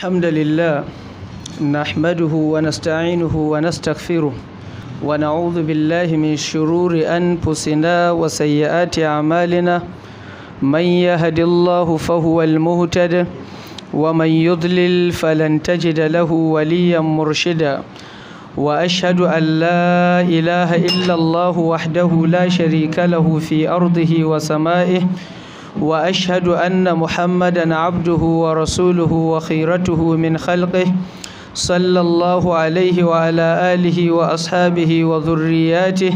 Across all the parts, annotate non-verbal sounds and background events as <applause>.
الحمد لله نحمده ونستعينه ونستغفره ونعوذ بالله من شرور أنفسنا وسيئات أعمالنا من يهد الله فهو المهتد ومن يضلل فلن تجد له وليا مرشدا وأشهد أن لا إله إلا الله وحده لا شريك له في أرضه وسمائه واشهد ان محمدا عبده ورسوله وخيرته من خلقه صلى الله عليه وعلى اله واصحابه وذرياته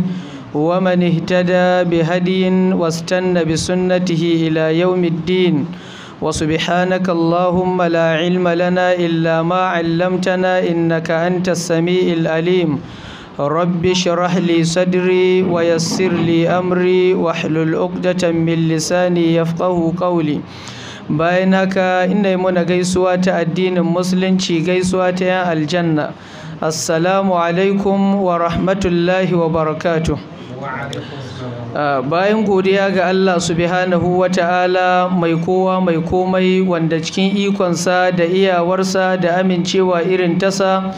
ومن اهتدى بهدي واستنى بسنته الى يوم الدين وسبحانك اللهم لا علم لنا الا ما علمتنا انك انت السميع العليم رب اشرح لي صدري ويسر لي أمري واحلل عقدة min lisani يفقه قولي bayan haka ina muna gaisuwa ta addinin musulunci gaisuwa ta yan aljanna assalamu alaikum wa rahmatullahi wa barakatuh ah, bayan godiya ga Allah subhanahu wa ta'ala mai kowa mai komai wanda cikin ikonsa da iyawarsa da amincewa irin tasa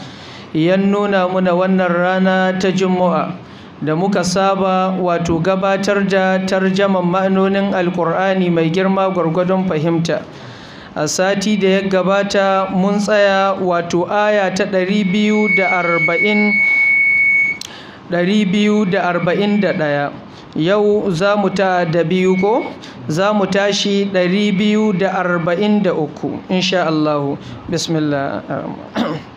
Yan nuna muna wannan rana ta Juma'a da muka saba wato gabatar da tarjaman ma'anonin alkur'ani mai girma gwargwadon fahimta. A sati da ya gabata mun tsaya wato aya ta ɗari Yau za mu ta da biyu ko? Za mu tashi ɗari biyu Bismillah.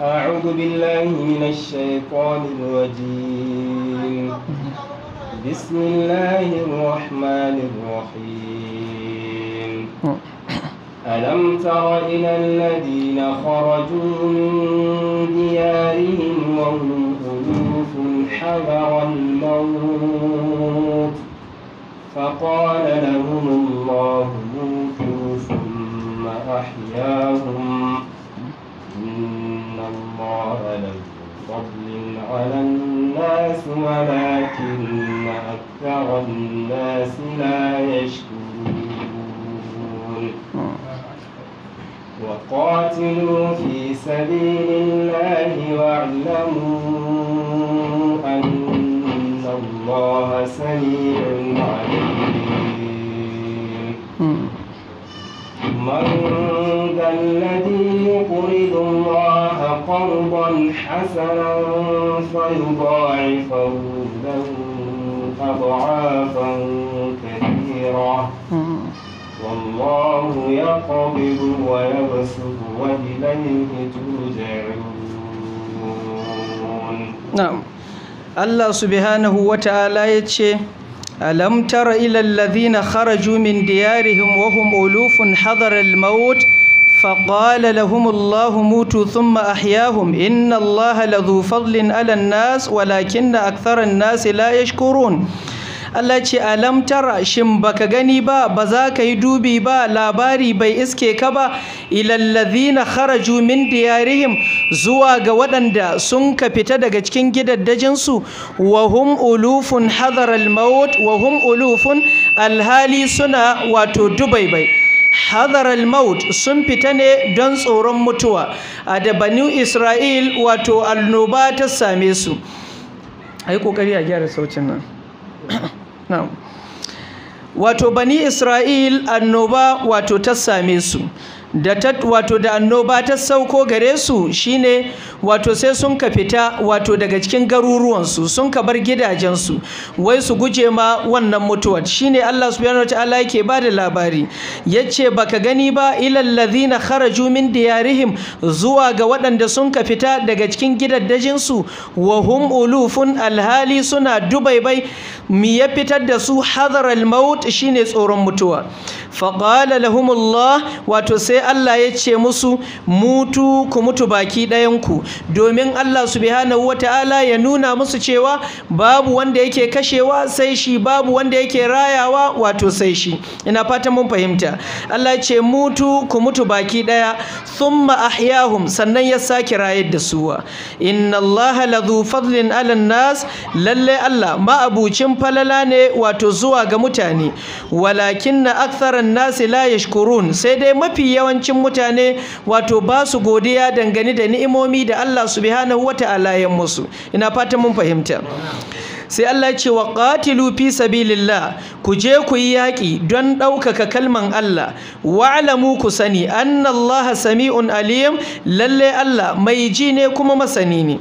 أعوذ بالله من الشيطان الرجيم بسم الله الرحمن الرحيم ألم تر إلى الذين خرجوا من ديارهم وهم ألوف حذر الموت فقال لهم الله موتوا ثم أحياهم على فضل على الناس ولكن أكثر الناس لا يشكرون وقاتلوا في سبيل الله واعلموا أن الله سميع عليم من ذا الذي قرضا حسنا فيضاعفه له أضعافا كثيرة والله يقبض ويبسط وإليه ترجعون نعم Allah subhanahu wa ta'ala ya ce, Alam tara ilal kharaju min diyarihim wa hum ulufun hadar al فقال لهم الله موتوا ثم أحياهم إن الله لذو فضل على الناس ولكن أكثر الناس لا يشكرون Allah ce alam tara shin baka gani ba ba za ka yi dubi ba labari bai iske ka ba ilal ladhina kharaju min diyarihim zuwa ga waɗanda sun ka fita daga cikin gidaddajin su wa hum ulufun hadar al maut wa hum ulufun alhali suna wato dubai bai hadar al maut sun fita ne don tsoron mutuwa a da banu isra'il wato annoba ta same su a yi kokari a gyara saucin nan <coughs> wato bani isra'il annoba wato ta same su da ta wato da annoba ta sauko gare su shine wato sai sun ka fita wato daga cikin garuruwansu sun ka bar gidajensu wai su guje ma wannan mutuwar shine Allah subhanahu wataala yake ba da labari yace baka gani ba ilal ladhina kharaju min diyarihim zuwa ga waɗanda sun ka fita daga cikin gidaddajin su wa hum ulufun alhali suna dubaibai mi ya fitar da su hadaral maut shine tsoron mutuwa faqala lahumullah wato sai Allah ya ce musu mutu ku mutu baki ɗayanku domin Allah su subhanahu wata'ala ya nuna musu cewa babu wanda yake kashewa sai shi babu wanda yake rayawa wato sai shi ina fata mun fahimta Allah ya ce mutu ku mutu baki ɗaya thumma ahyahum sannan ya sake rayar da suwa inna Allah ladhu fadlin 'alan nas lalle Allah ma'abucin falala ne wato zuwa ga mutane walakinna aktharan nasi la yashkurun sai dai mafi yawan yawancin mutane wato ba su godiya dangane da ni'imomi da Allah subhanahu wata'ala ya musu ina fatan mun fahimta sai Allah ya ce wa qatilu fi sabilillah ku je ku yi yaƙi don ɗaukaka kalman Allah alamu ku sani anna Allah sami'un alim lalle Allah mai ji ne kuma masani ne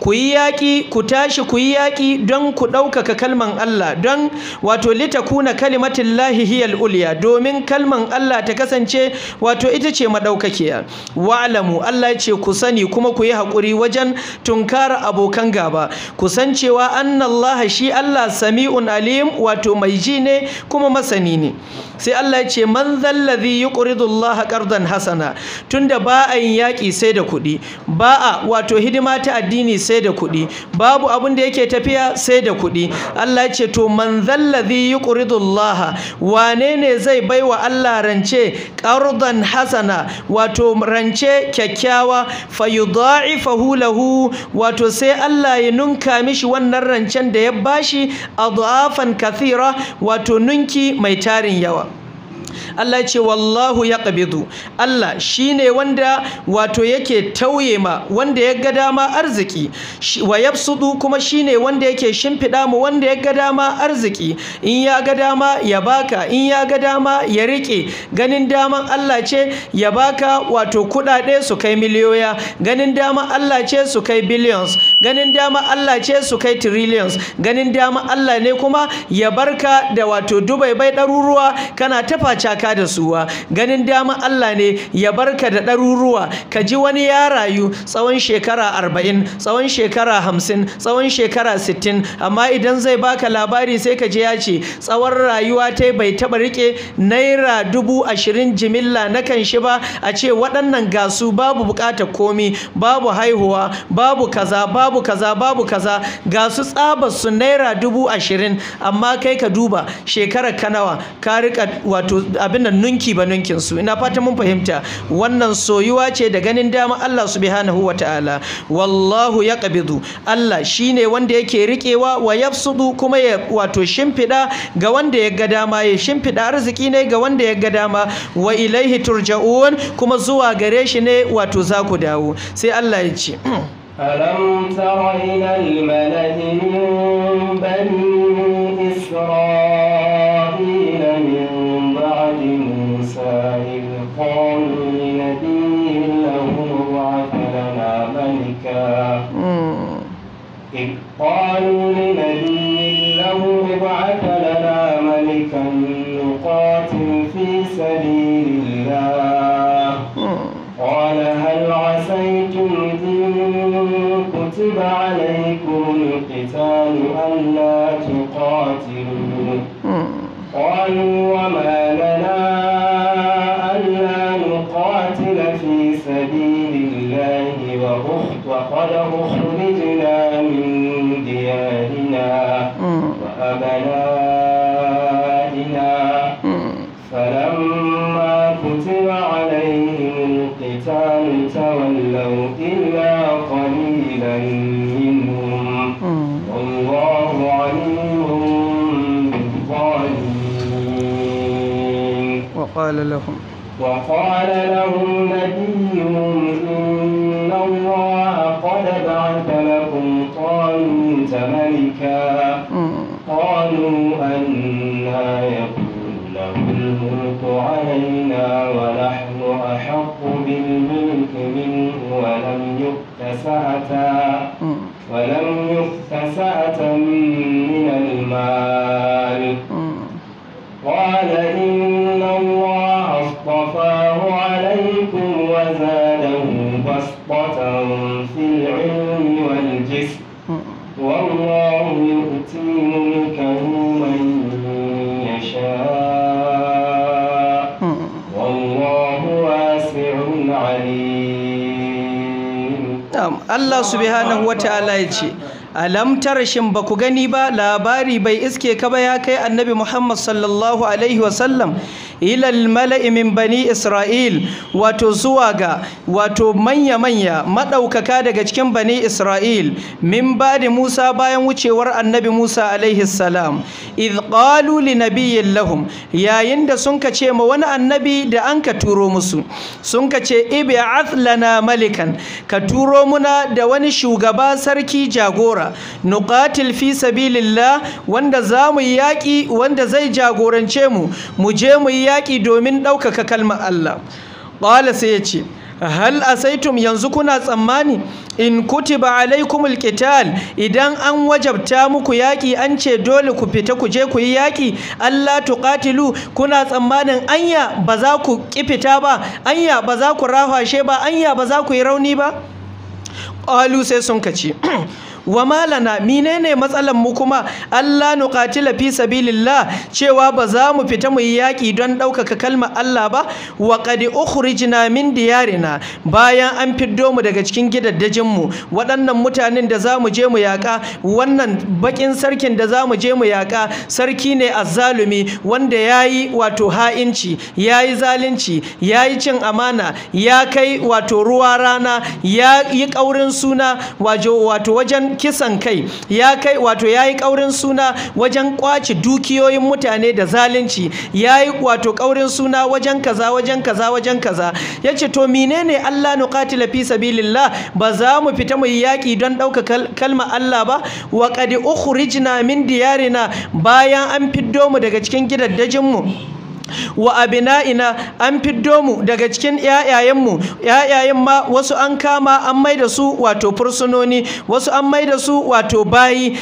ku yi yaƙi ku tashi ku yi yaƙi don ku ɗaukaka kalman Allah don wato litakuna kalimatillahi hiyal ulya domin kalman Allah ta kasance wato ita ce madaukakiya wa'lamu Allah ya ce ku sani kuma ku yi haƙuri wajen tunkara abokan gaba ku san cewa anna Allah Allah shi Allah sami'un alim wato mai ji ne kuma masani ne sai Allah ya ce man zallazi yuqridu Allah qardan hasana tunda ba a yin yaki sai da kuɗi ba a wato hidima ta addini sai da kuɗi babu abin da yake tafiya sai da kuɗi Allah ya ce to man zallazi yuqridu Allah wane ne zai baiwa Allah rance qardan hasana wato rance kyakkyawa fayudha'ifahu lahu wato sai Allah ya nunka mishi wannan rancen da da ya bashi adhafan kathira wato nunki mai tarin yawa Allah ya ce wallahu ƙabidu Allah shi ne wanda wato yake tauye ma wanda ya ga dama arziki wa yabsudu kuma shi ne wanda yake shimfiɗa ma wanda ya ga dama arziki in ya ga dama ya baka in ya ga dama ya riƙe. ganin daman Allah ce ya baka wato kuɗaɗe su kai miliyoya ganin daman Allah ce su kai billions ganin dama Allah ce su kai trillions ganin dama Allah ne kuma ya barka da wato dubai bai ɗaruruwa kana tafa caka da suwa ganin dama Allah ne ya barka da ɗaruruwa ka ji wani ya rayu tsawon shekara arba'in tsawon shekara hamsin tsawon shekara sittin amma idan zai baka labari sai ka ji ya ce tsawon rayuwa ta bai taɓa riƙe naira dubu ashirin jimilla na kan shi ba a ce waɗannan gasu babu buƙatar komi babu haihuwa babu kaza babu kaza babu kaza gasu tsabar su naira dubu ashirin amma kai ka duba shekarar kanawa ka riƙa wato abin da nunki ba nunkin su ina fata mun fahimta wannan soyuwa ce da ganin dama Allah subhanahu wataala wallahu ya kabidu Allah shine wanda yake rikewa wa yafsudu kuma ya wato shimfida ga wanda ya ga dama ya shimfida arziki ne ga wanda ya ga dama wa ilaihi turja'un kuma zuwa gare shi ne wato za ku dawo sai Allah ya ce ألم تر إلى الملأ من بني إسرائيل إذ قالوا لنبي له ابعث لنا ملكا إذ قالوا لنبي له ابعث لنا ملكا نقاتل في سبيل الله قال هل عسيتم إن كتب عليكم القتال ألا قالوا وما وقال لهم وقال لهم نبيهم إن الله قد بعث لكم طالوت ملكا قالوا أنا يكون له الملك علينا ونحن أحق بالملك منه ولم يؤت سعة ولم يؤت سعة من المال قال Allah subhanahu wataala ya ce alam shin ba ku gani ba labari bai iske ka ba ya kai annabi Muhammad sallallahu alaihi wasallam ilal mala'i min bani Isra'il wato zuwa ga wato manya manya maɗaukaka daga cikin bani Isra'il min ba da Musa bayan wucewar annabi Musa alaihi salam id qalu li nabiyyin lahum yayin da sun kace ma wani annabi da an ka turo musu sun kace ib'ath lana malikan ka turo muna da wani shugaba sarki jagora nasara nuqatil fi sabilillah wanda za mu wanda zai jagorance mu mu je mu yaƙi domin ɗaukaka kalmar Allah qala sai yace, hal asaitum yanzu kuna tsammani in kutiba alaikumul qital idan an wajabta muku yaki an ce dole ku fita ku je ku yi yaki Allah tuqatilu kuna tsammanin anya ba za ku kifita ba anya ba za ku rahashe ba anya ba za ku yi rauni ba qalu sai sun kace <clears throat> wa malana menene matsalan mu kuma Allah qatila fi sabilillah cewa ba za mu fita mu yi yaki don ɗaukaka kalma Allah ba wa qad ukhrijna min diyarina bayan an fiddo mu daga cikin gidaddajin mu waɗannan mutanen da za mu je mu yaka wannan bakin sarkin da za mu je mu yaka sarki ne azzalumi wanda yayi wato ha'inci yayi zalunci yayi cin amana ya kai wato ruwa rana ya yi kaurin suna wato wajen kisan kai ya kai wato yayi kaurin suna wajen kwaci dukiyoyin mutane da zalunci yayi wato kaurin suna wajen kaza wajen kaza wajen kaza yace to menene Allah nuqatila fi sabilillah ba za mu fita mu yaƙi don dauka kalma Allah ba wa qad ukhrijna min diyarina bayan an fiddo mu daga cikin gidaddajin mu wa abina'ina an fiddo mu daga cikin yayayenmu yayayen ma wasu an kama an maida su wato fursunoni wasu an maida su wato bayi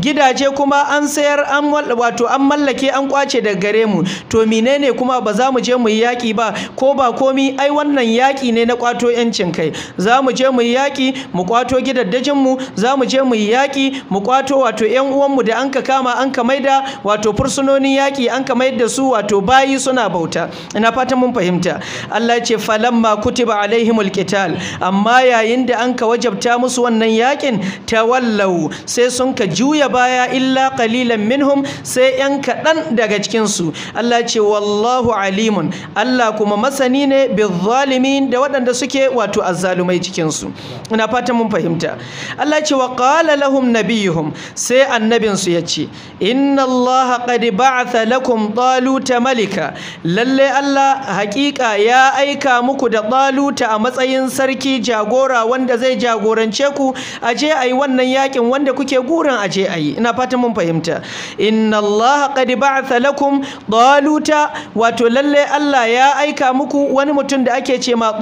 gidaje kuma an sayar an wato an mallake an kwace daga gare mu to menene kuma ba za mu je mu yi yaƙi ba ko ba komi ai wannan yaƙi ne na kwato yancin kai za mu je mu yi yaƙi mu kwato gidaddajin mu za mu je mu yi yaƙi mu kwato wato uwan mu da an ka kama an ka maida wato fursunonin yaƙi an ka maida su wato bayi suna bauta ina fatan mun fahimta Allah ya ce falamma kutiba alaihimul qital amma yayin da an ka wajabta musu wannan yakin tawallau sai sun ka juya baya illa qalilan minhum sai yan kadan daga cikin su Allah ya ce wallahu alimun Allah kuma masani ne bizzalimin da waɗanda suke wato azzalumai cikin su ina fatan mun fahimta Allah ya ce wa qala lahum nabiyuhum sai annabinsu ya ce. inna Allah qad ba'atha lakum taluta zalika lalle Allah hakika ya aika muku da Taluta a matsayin sarki jagora wanda zai jagorance ku aje ayi wannan yakin wanda kuke guran aje ayi ina fatan mun fahimta inna Allah qad ba'atha lakum Taluta wato lalle Allah ya aika muku wani mutum da ake ce ma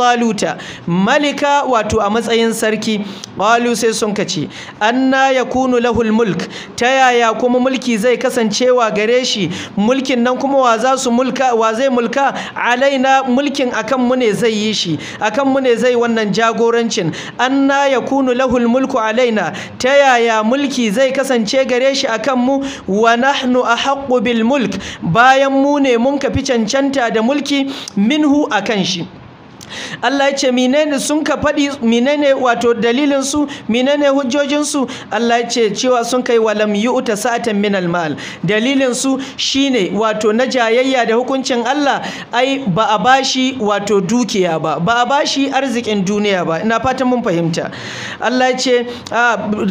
malika wato a matsayin sarki qalu sai sun kace anna yakunu lahul mulk ta yaya kuma mulki zai kasancewa gare shi mulkin nan kuma wa za su nasu mulka wa zai mulka alaina mulkin akan mu ne zai yi shi akan mu ne zai wannan jagorancin anna yakunu lahul mulku alaina ta yaya mulki zai kasance gare shi akan mu wa nahnu ahaqqu bil mulk bayan mu ne mun ka fi cancanta da mulki minhu akan shi Allah ya ce menene sun ka faɗi menene wato dalilin su menene hujjojin su Allah ya ce cewa sun kai walam yu'ta sa'atan min al-mal dalilin su shine wato na jayayya da hukuncin Allah ai ba a bashi wato dukiya ba ba a bashi arzikin duniya ba ina fatan mun fahimta Allah ya ce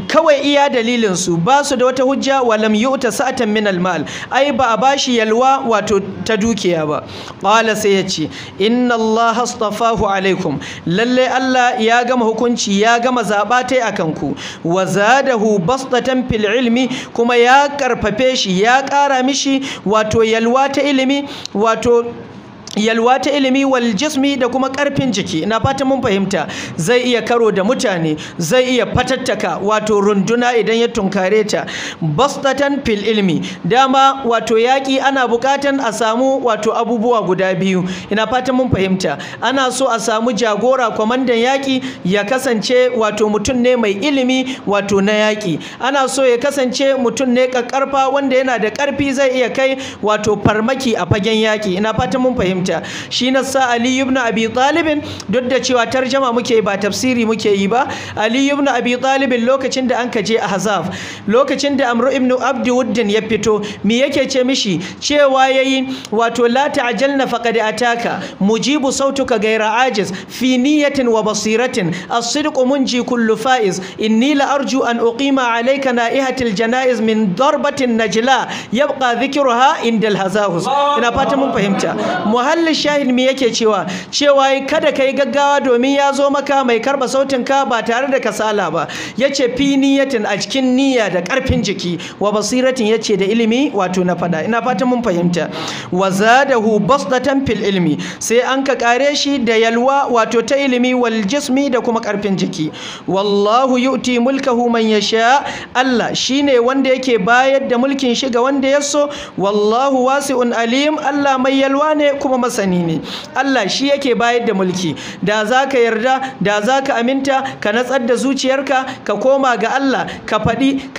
kawai iya dalilin su ba su da wata hujja walam yu'ta sa'atan min al-mal ai ba a bashi yalwa wato ta dukiya ba qala sai ya ce inna Allah astafa afahu alaikum lalle Allah ya gama hukunci ya gama zaba tai akan ku Wazadahu zadahu basdatan fil ilmi kuma ya karfafe shi ya kara mishi wato yalwa ta ilimi wato yalwa ta ilimi wal jismi da kuma karfin jiki ina fatan mun fahimta zai iya karo da mutane zai iya fatattaka wato runduna idan ya tunkare ta bastatan fil ilmi dama wato yaki ana bukatan a samu wato abubuwa guda biyu ina fatan mun fahimta ana so a samu jagora kwamandan yaki ya kasance wato mutum ne mai ilimi wato na yaki ana so ya kasance mutum ne kakkarfa wanda yana da karfi zai iya kai wato farmaki a fagen yaki ina fatan mun fahimta fahimta shi na sa Ali ibn Abi Talib duk da cewa tarjama muke ba tafsiri muke yi ba Ali ibn Abi Talib lokacin da an je Ahzab lokacin da Amr ibn Abd Wuddin ya fito me yake ce mishi cewa yayi wato la ta'jalna faqad ataka mujibu sautuka gaira ajiz fi niyatin wa basiratin as-sidqu munji kullu faiz inni la arju an uqima alayka naihatil janaiz min darbatin najla yabqa dhikruha indal hazahus ina fata mun fahimta mahallin shahid me yake cewa cewa kada kai gaggawa domin ya zo maka mai karba sautin ka ba tare da kasala ba yace fi niyatin a cikin niyya da karfin jiki wa basiratin yace da ilimi wato na fada ina fatan mun fahimta wa zadahu basdatan fil ilmi sai an ka kare shi da yalwa wato ta ilimi wal jismi da kuma karfin jiki wallahu yu'ti mulkahu man yasha Allah shine wanda yake bayar da mulkin shi ga wanda yaso wallahu wasi'un alim Allah mai yalwa ne kuma masani ne Allah shi yake bayar da mulki da za ka yarda da za ka aminta ka natsar da zuciyarka ka koma ga Allah ka faɗi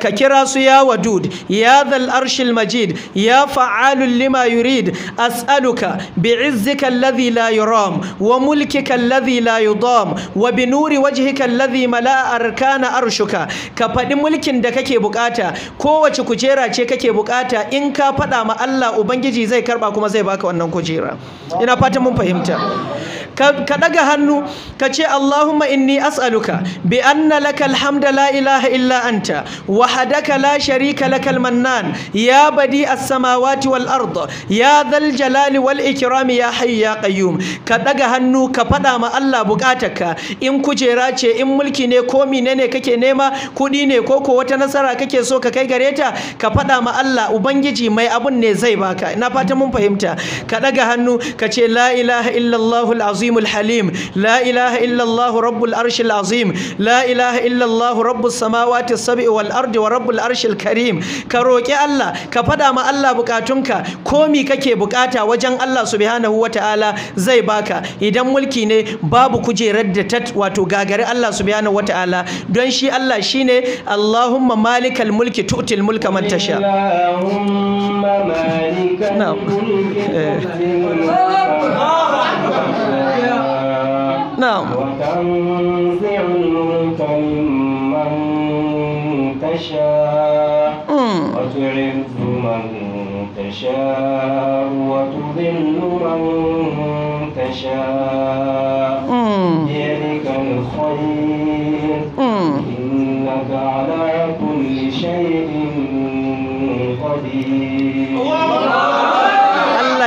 ka kira su ya wadud ya zal arshil majid ya fa'alul lima yurid as'aluka bi'izzika alladhi la yuram wa mulkika alladhi la yudam wa bi nuri wajhika alladhi mala'a arkana arshuka ka faɗi mulkin da kake bukata kowace kujera ce kake bukata in ka faɗa ma Allah ubangiji zai karba kuma zai baka wannan kujera kujera ina fatan mun fahimta ka daga hannu ka ce Allahumma inni as'aluka bi anna laka hamda la ilaha illa anta hadaka la sharika lakal mannan ya badi as-samawati wal ard ya dhal jalali wal ikrami ya hayy ya qayyum ka daga hannu ka fada ma Allah bukatarka in kujera ce in mulki ne ko ne kake nema Kuɗi ne ko ko wata nasara kake so ka kai gare ta ka fada ma Allah ubangiji mai abun ne zai baka ina fata mun fahimta ka daga hannu ka ce la ilaha illa azim العظيم الحليم لا إله إلا الله رب العرش العظيم لا إله إلا الله رب السماوات السبع والأرض ورب العرش الكريم كروكي الله كفدا ما الله بكاتنك كومي ككي بكاتا وجن الله سبحانه وتعالى زي باكا إذا ملكي ني باب كجي ردتت واتو غاغري الله سبحانه وتعالى دون شي الله شيني اللهم مالك الملك تؤتي الملك من تشاء اللهم مالك الملك تؤتي الملك من تشاء نعم وتنزع الملك ممن تشاء وتعز من تشاء وتذل من تشاء بيدك الخير إنك على كل شيء قدير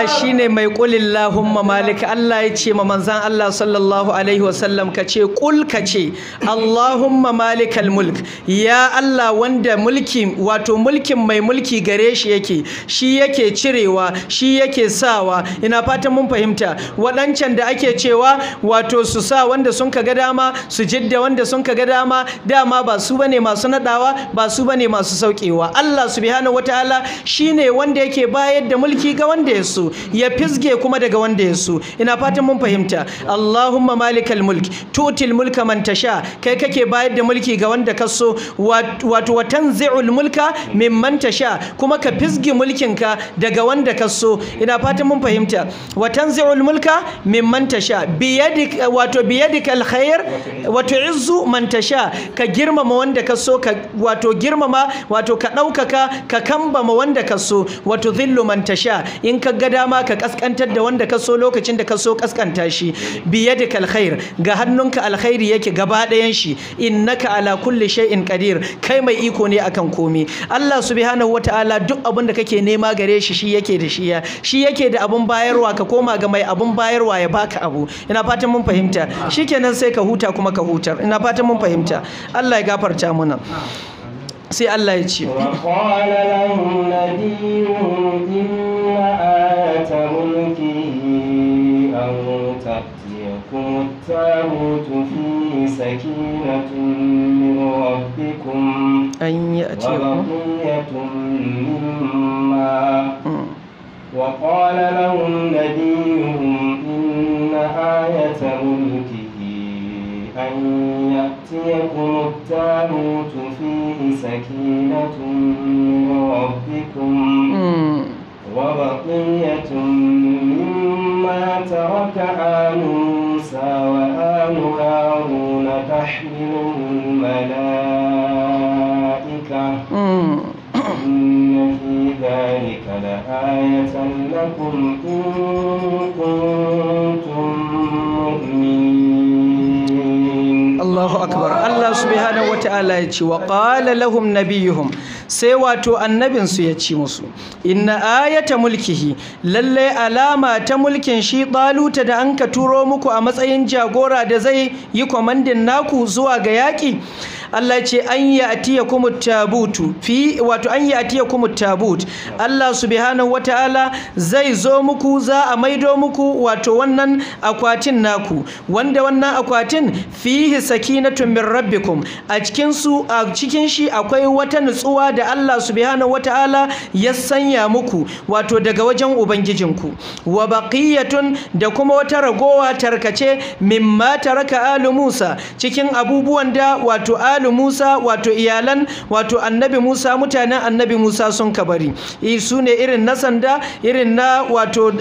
shi shine mai qulillahumma malik Allah ya ce ma manzan Allah sallallahu alaihi wasallam ka ce kul ka ce Allahumma malikal mulk ya Allah wanda mulki wato mulkin mai mulki gare shi yake shi yake cirewa shi yake sawa ina fatan mun fahimta waɗancan da ake cewa wato su sa wanda sun kaga dama su jidda wanda sun kaga dama dama ba su bane masu nadawa ba su bane masu saukewa Allah subhanahu wataala shine wanda yake bayar da mulki ga wanda ya so ya fisge kuma daga wanda ya so ina fatan mun fahimta Allahumma malikal mulk tutil mulka man tasha kai kake bayar da mulki ga wanda ka so wato wa tanzi'ul mulka mimman tasha kuma ka fisge ka daga wanda ka so ina fatan mun fahimta wa tanzi'ul mulka mimman tasha biyadik wato biyadik alkhair wa tu'izzu man tasha ka girmama wanda ka so ka wato girmama wato ka daukaka ka kambama wanda ka so Wato tudhillu man tasha in ka ga dama ka kaskantar da wanda ka so lokacin da ka so kaskanta shi biyadikal khair ga hannunka alkhairi yake gaba ɗayan shi innaka ala kulli shay'in qadir kai mai iko ne akan komai Allah subhanahu wataala duk abin da kake nema gare shi shi yake da shi ya shi yake da abun bayarwa ka koma ga mai abun bayarwa ya baka abu ina fatan mun fahimta shikenan sai ka huta kuma ka hutar ina fatan mun fahimta Allah ya gafarta mana sai Allah ya ce التابوت في سكينة من ربكم أن يأتيكم مما وقال لهم نبيهم إن آية ملكه أن يأتيكم التابوت فيه سكينة من ربكم وبقية مما ترك آل موسى وآل هارون تحمله الملائكة إن في ذلك لآية لكم إن كنتم Al-Quran Allah subhanahu wata'ala ya ce wa qala lahum nabiyuhum sai wato annabin su ya ce musu inna ayata mulkihi lalle alama ta mulkin shi baluta da an ka turo muku a matsayin jagora da zai yi kwamandin naku zuwa ga yaki Allah ce an yi atiya kuma tabutu fi wato an yi atiya kuma tabut Allah subhanahu wataala zai zo muku za a maido muku wato wannan akwatin naku wanda wannan akwatin fihi sakinatun min rabbi rabbikum a cikin su a cikin shi akwai wata nutsuwa da Allah subhanahu wataala ya sanya muku wato daga wajen ubangijinku wa baqiyatun da kuma wata ragowa tarkace mimma taraka alu Musa cikin abubuwan da wato alu Musa wato iyalan wato annabi Musa mutanen annabi Musa sun kabari su ne irin na sanda irin na wato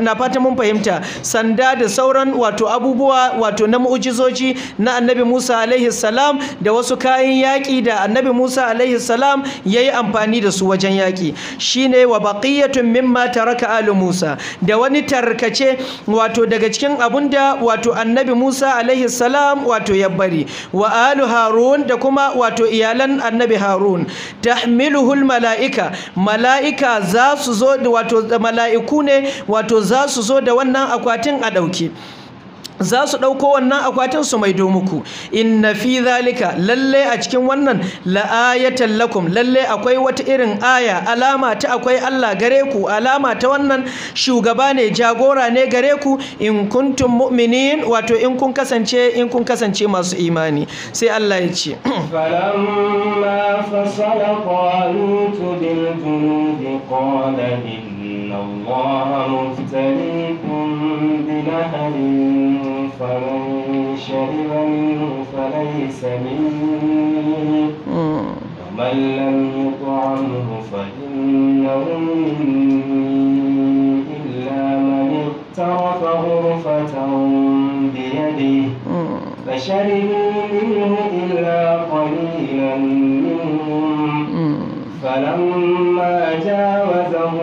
na fata mun fahimta sanda da sauran wato abubuwa wato na mu'jizoji na annabi Musa alaihi salam salam da wasu kayan yaƙi da annabi Musa alaihi salam ya yi amfani da su wajen yaƙi shi ne wa baƙiyatun mimma taraka alu Musa da wani tarkace wato daga cikin abun da wato annabi Musa alaihi salam wato ya bari wa alu Harun da kuma wato iyalan annabi Harun tahmiluhul mala'ika mala'ika za su zo wato mala'iku ne wato za su zo da wannan akwatin a ɗauki za su ɗauko wannan akwatin su maido muku inna fi zalika lalle a cikin wannan la'ayatan lakum lalle akwai wata irin aya alama ta akwai Allah gare ku alama ta wannan shugaba ne jagora ne gare ku in kuntum mu'minin wato in kun kasance in kun kasance masu imani sai Allah ya ce <clears throat> falamma fasala بنهر فمن شرب منه فليس مني ومن لم يطعمه فإنه مني إلا من اغترف غرفة بيده فشربوا منه إلا قليلا منهم فلما جاوزه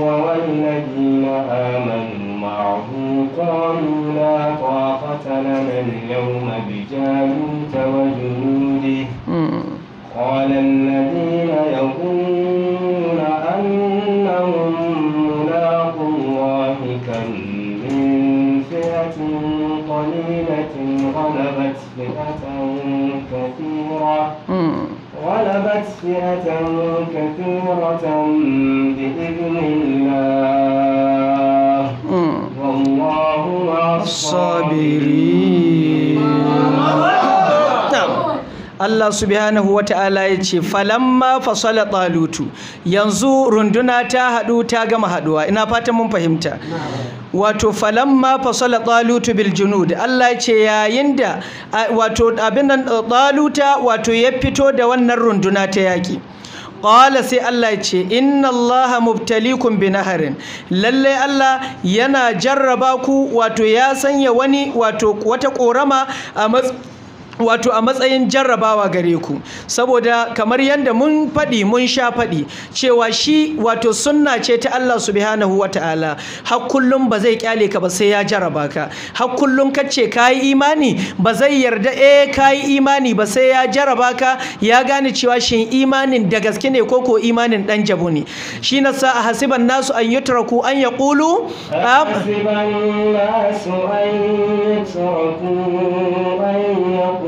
هو والذين آمنوا معه قالوا لا طاقة لنا اليوم بجالوت وجنوده قال الذين يظنون أنهم ملاقو الله كم من فئة قليلة غلبت فئة كثيرة غلبت فئة كثيرة بإذن الله الصابرين Allah subhanahu wa ta'ala ya ce falamma fasala talutu yanzu runduna ta haɗu ta gama haɗuwa ina fata mun fahimta wato falamma fasala talutu bil junud Allah ya ce yayin da wato abin nan taluta wato ya fito da wannan runduna ta yaƙi qala sai Allah ya ce inna Allah mubtalikum bi naharin lalle Allah yana jarraba ku wato ya sanya wani wato wata korama a matsayin wato a matsayin jarrabawa gare ku saboda kamar yadda mun faɗi mun sha faɗi cewa shi wato sunna ce ta Allah subhanahu wa har kullum ba zai kyale ka ba sai ya jarraba ka har kullum kace yi imani ba zai yarda eh yi imani ba sai ya jarraba ka ya gane cewa shin imanin da gaske ne koko imanin dan jabu ne shi na sa a hasiban nasu an yutraku an yaqulu hasiban nasu an yutraku an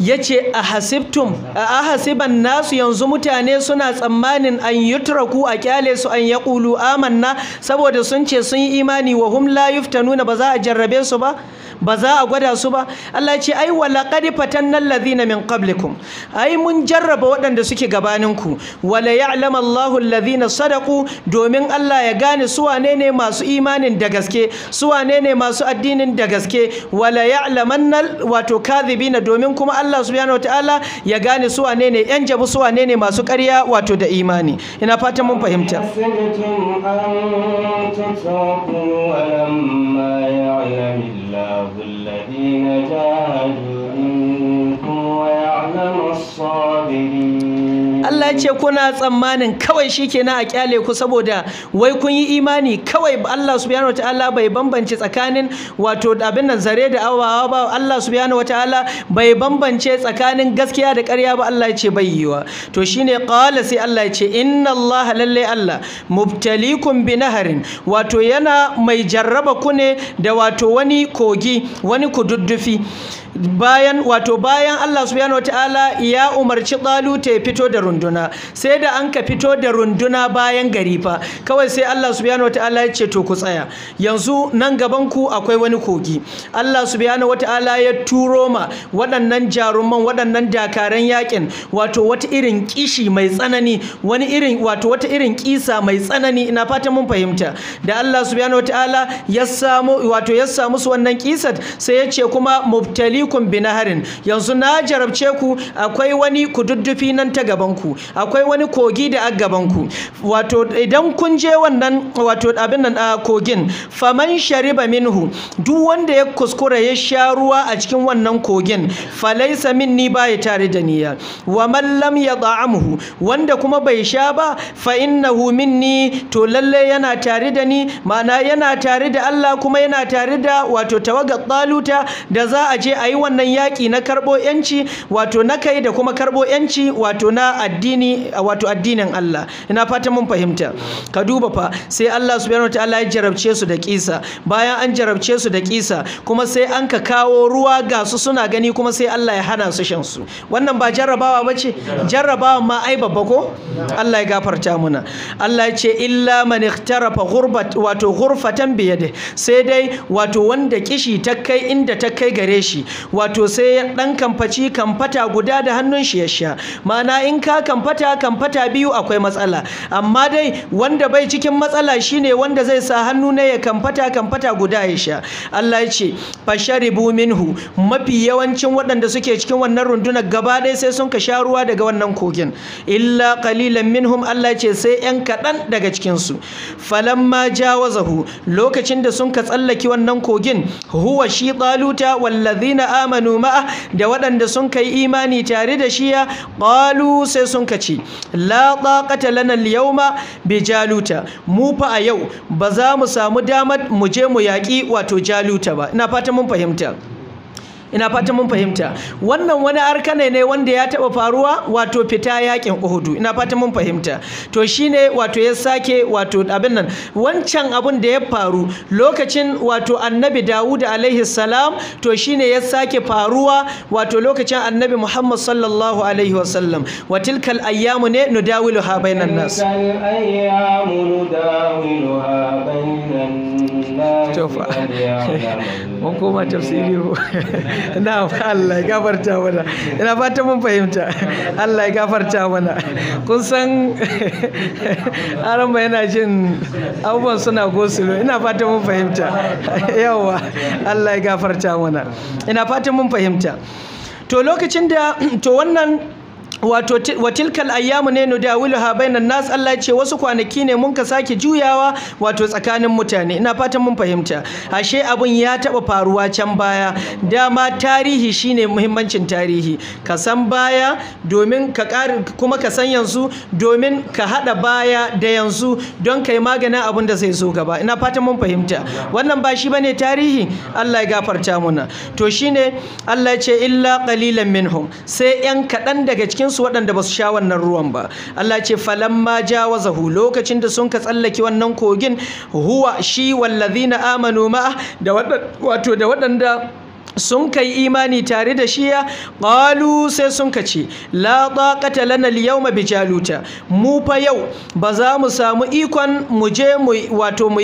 ya yace a ahasiban nasu yanzu mutane suna tsammanin an yi turaku a kyale su an ƙulu amanna saboda sun ce sun yi imani wa hum la yuftanuna ba za a jarrabe su ba ba za a gwada su ba Allah ya ce ai wala qad fatanna alladhina min qablikum ai mun jarraba waɗanda suke gabanin ku wala ya'lamu Allahu alladhina sadaqu domin Allah ya gane su wane ne masu imanin da gaske su wane ne masu addinin da gaske wala ya'lamanna wato kadhibina domin kuma Allah subhanahu wataala ya gane su wane ne yan jabu su wane ne masu ƙarya wato da imani ina fata mun fahimta ولما يعلم الله الذين جاهدوا منكم ويعلم الصابرين Allah ce kuna tsammanin kawai shi shikenan a kyale ku saboda wai kun yi imani kawai Allah subhanahu wataala bai bambance tsakanin wato abin nan zare da awawa ba Allah subhanahu wataala bai bambance tsakanin gaskiya da ƙarya ba Allah ce bai wa. to shine qala sai Allah ce inna Allah lalle Allah mubtalikum bi naharin wato yana mai jarraba ku ne da wato wani kogi wani kududdufi bayan wato bayan Allah subhanahu wataala ya umarci ta ya fito da runduna sai da an ka fito da runduna bayan gari fa kawai sai Allah subhanahu wataala ya ce to ku tsaya yanzu nan gaban ku akwai wani kogi Allah subhanahu wataala ya turo ma waɗannan jaruman waɗannan dakaran yakin wato wata irin kishi mai tsanani wani irin wato wata irin kisa mai tsanani ina fata mun fahimta da Allah subhanahu wataala ya samu wato ya samu su wannan kisat sai ya ce kuma mubtali atikum binaharin yanzu na jarabce ku akwai wani kududdufi nan ta gaban ku akwai wani kogi da a gaban ku wato idan kun je wannan wato abin nan a kogin faman shariba minhu duk wanda ya kuskura ya sha ruwa a cikin wannan kogin falaisa minni ya tare da niyya wa man lam yata'amhu wanda kuma bai sha ba fa innahu minni to lalle yana tare da ni ma'ana yana tare da Allah kuma yana tare da wato tawagar taluta da za a je a yi wannan yaƙi na karɓo yanci wato na kai da kuma karɓo yanci wato na addini wato addinin Allah ina fata mun fahimta ka duba fa sai Allah subhanahu wataala ya jarabce su da kisa bayan an jarabce su da kisa kuma sai an ka kawo ruwa ga su suna gani kuma sai Allah ya hana su shan su wannan ba jarrabawa bace jarrabawa ma ai babba ko Allah ya gafarta muna Allah ya ce illa man ikhtarafa ghurbat wato ghurfatan biyade sai dai wato wanda kishi ta kai inda ta kai gare shi wato sai ɗan dan kamfaci kamfata guda da hannun shi ya sha ma'ana in ka kamfata kamfata biyu akwai matsala amma dai wanda bai cikin matsala shine wanda zai sa hannu na ya kamfata kamfata guda ya sha Allah ya ce fasharibu minhu mafi yawancin waɗanda suke cikin wannan rundunar gaba ɗaya sai sun ka sha ruwa daga wannan kogin illa qalilan minhum Allah ya ce sai yan kaɗan daga cikin su falamma jawazahu lokacin da sun ka tsallaki wannan kogin huwa shi taluta wallazina amanu ma'a da waɗanda sun kai imani tare da shiya ƙalu sai sun kaci la taqata lana al-yawma bi jaluta mu fa a yau ba za mu samu damar mu je mu yaƙi wato jaluta ba ina fata mun fahimta ina fatan mun fahimta wannan wani arkane ne wanda ya taba faruwa wato fita yakin Uhudu ina fatan mun fahimta to shine wato ya sake wato abin nan wancan abun da ya faru lokacin wato Annabi Dawud alaihi salam to shine ya sake faruwa wato lokacin Annabi Muhammad sallallahu alaihi wasallam wa tilkal ayyamu ne nudawiluha bainan nas tilkal ayyamu nudawiluha bainan nas koma tafsiri <laughs> na Allah ya ina fata mun fahimta <laughs> jin abubuwan suna gosulo ina <laughs> to lokacin da <clears throat> to wannan wato watilkal ayyamu ne nudawiluha bainan nas Allah ya ce wasu kwanaki ne mun ka sake juyawa wato tsakanin mutane ina fatan mun fahimta ashe abun ya taba faruwa can baya dama tarihi shine muhimmancin tarihi ka san baya domin ka kuma ka san yanzu domin ka hada baya da yanzu don kai maganin abun da zai zo gaba ina fatan mun fahimta wannan ba shi bane tarihi Allah ya gafarta muna to shine Allah ya ce illa qalilan minhum sai yan kaɗan daga cikin su waɗanda ba su sha wannan ruwan ba Allah ce falamma jawazahu lokacin da sun ka tsallake wannan kogin huwa shi wallazina amanu ma da wato da waɗanda sun kai imani tare da shiya ƙalu sai sun kace la taqata lana al-yawma bi jaluta mu fa yau ba za mu samu ikon mu je mu wato mu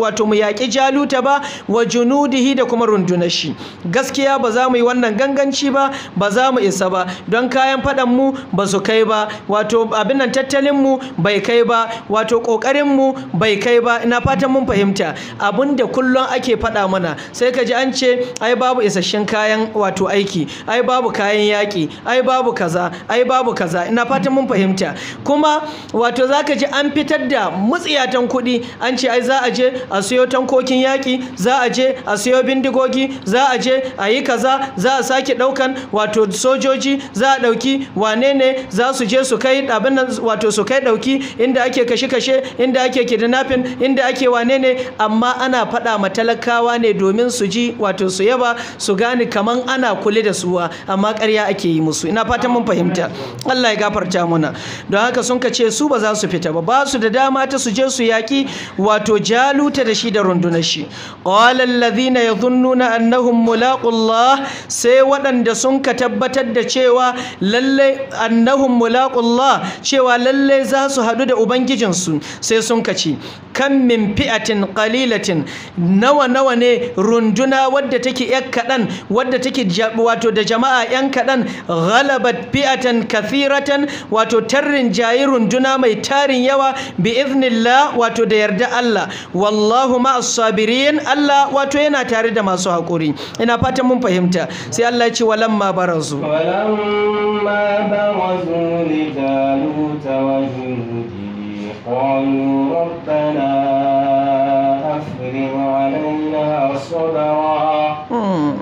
wato mu yaki jaluta ba wa junudihi da kuma rundunar shi gaskiya ba za mu yi wannan ganganci ba ba za mu isa ba don kayan fadan mu ba su kai ba wato abin nan tattalin mu bai kai ba wato kokarin mu bai kai ba ina fatan mun fahimta abinda kullun ake fada mana sai ka ji an ce ai ba babu isasshen kayan wato aiki ai babu kayan yaki ai babu kaza ai babu kaza ina fatan mun fahimta kuma wato zaka ji an fitar da mutsiyatan kuɗi an ce ai za a je a siyo tankokin yaki za a je a siyo bindigogi za a je a yi kaza za a sake ɗaukan wato sojoji za a ɗauki wane ne za su je su kai abin nan wato su kai ɗauki inda ake kashe-kashe inda ake kidnapping inda ake wane ne amma ana faɗa ma talakawa ne domin su ji wato su yaba su gane kaman ana kule da suwa amma ƙarya ake yi musu ina fatan mun fahimta Allah ya gafarta muna don haka sun ka ce su ba za su fita ba ba su da dama ta su je su yaki wato jaluta da shi da runduna shi qala alladhina yadhunnuna annahum mulaqullah sai waɗanda sun ka tabbatar da cewa lalle annahum mulaqullah cewa lallai za su hadu da ubangijinsu sai sun ka ce kan min fi'atin qalilatin nawa nawa ne runduna wadda take ƙungiyar kaɗan wadda take wato da jama'a 'yan kaɗan ghalabat fi'atan kathiratan wato tarrin jayi runduna mai tarin yawa bi iznillah wato da yarda Allah wallahu ma'as sabirin Allah wato yana tare da masu hakuri ina fatan mun fahimta sai Allah ya ce walamma barazu walamma barazu li daluta wa قالوا ربنا تسلم علينا صبرا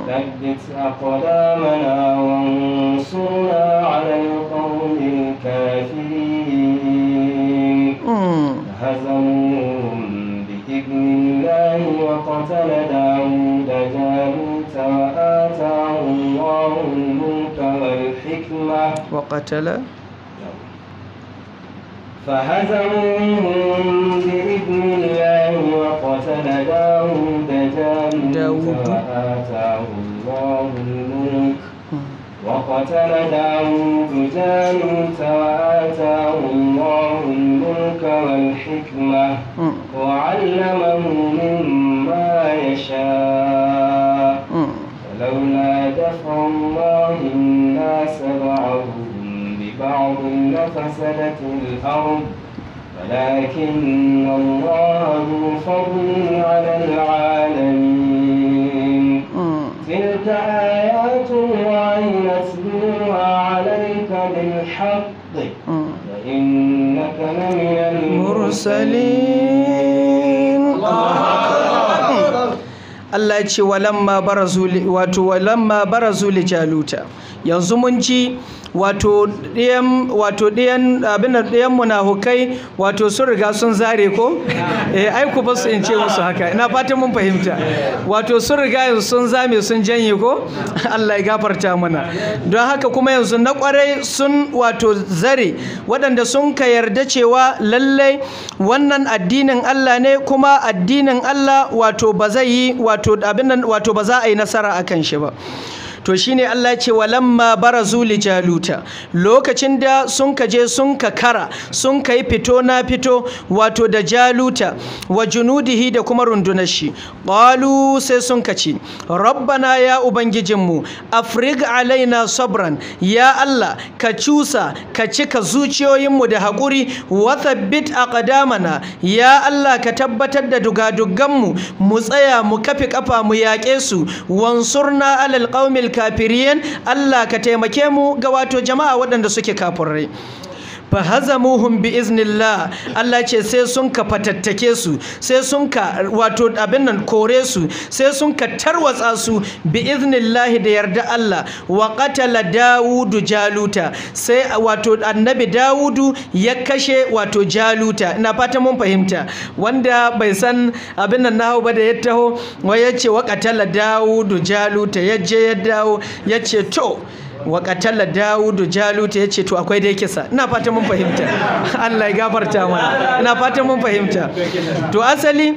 ثبت أقدامنا وانصرنا على القوم الكافرين هزموهم بإذن الله وقتل داود جالوت وآتاه الله الملك والحكمة وقتل فهزموهم بإذن الله وقتل داود جالوت وآتاه الله الملك وقتل داود جالوت وآتاه الله الملك والحكمة وعلمه مما يشاء فلولا دفع الله الناس بعضهم بعض لفسدت الأرض ولكن الله ذو فضل على العالمين تلك آيات الله نتلوها عليك بالحق وإنك لمن المرسلين الله أكبر Allah ya ce walamma barazu wato walamma barazu li jaluta yanzu mun ji wato ɗiyan wato abin munafukai wato sun riga sun zare ko <laughs> eh ai ku basu in ce musu haka ina fatan mun fahimta wato sun riga sun zame sun janye ko <laughs> Allah ya gafarta mana don haka kuma yanzu na kwarai sun wato zare waɗanda sun ka yarda cewa lallai wannan addinin Allah ne kuma addinin Allah wato ba zai yi wato wato abin nan wato ba za a yi nasara akan shi ba to shine Allah ya ce walamma barazu li jaluta lokacin da sun ka je sun ka kara sun kai fito na fito wato da jaluta wa junudihi da kuma rundunar shi qalu sai sun ka ce rabbana ya ubangijinmu afrig alaina sabran ya Allah ka cusa ka cika zuciyoyinmu da haƙuri wa thabbit aqdamana ya Allah ka tabbatar da dugaduganmu mu tsaya mu kafi kafa mu yaƙe su wansurna alal qaumil kafirin Allah ka taimake mu ga wato jama'a waɗanda suke kafirai fahazamuhum hazamuhum bi iznillah Allah ce sai sun ka fatattake su sai sun ka wato abin nan kore su sai sun ka tarwatsa su bi iznillah da yarda Allah wa qatala Dawudu Jaluta sai wato annabi Dawudu ya kashe wato Jaluta ina fata mun fahimta wanda bai san abin nan nahu ba da ya taho wai yace wa qatala Dawudu Jaluta yaje ya dawo yace to wakatalla Dawudu jalutu jaluta ce to akwai dai kisa ina fatan mun fahimta Allah ya gafarta mana ina fatan mun fahimta to asali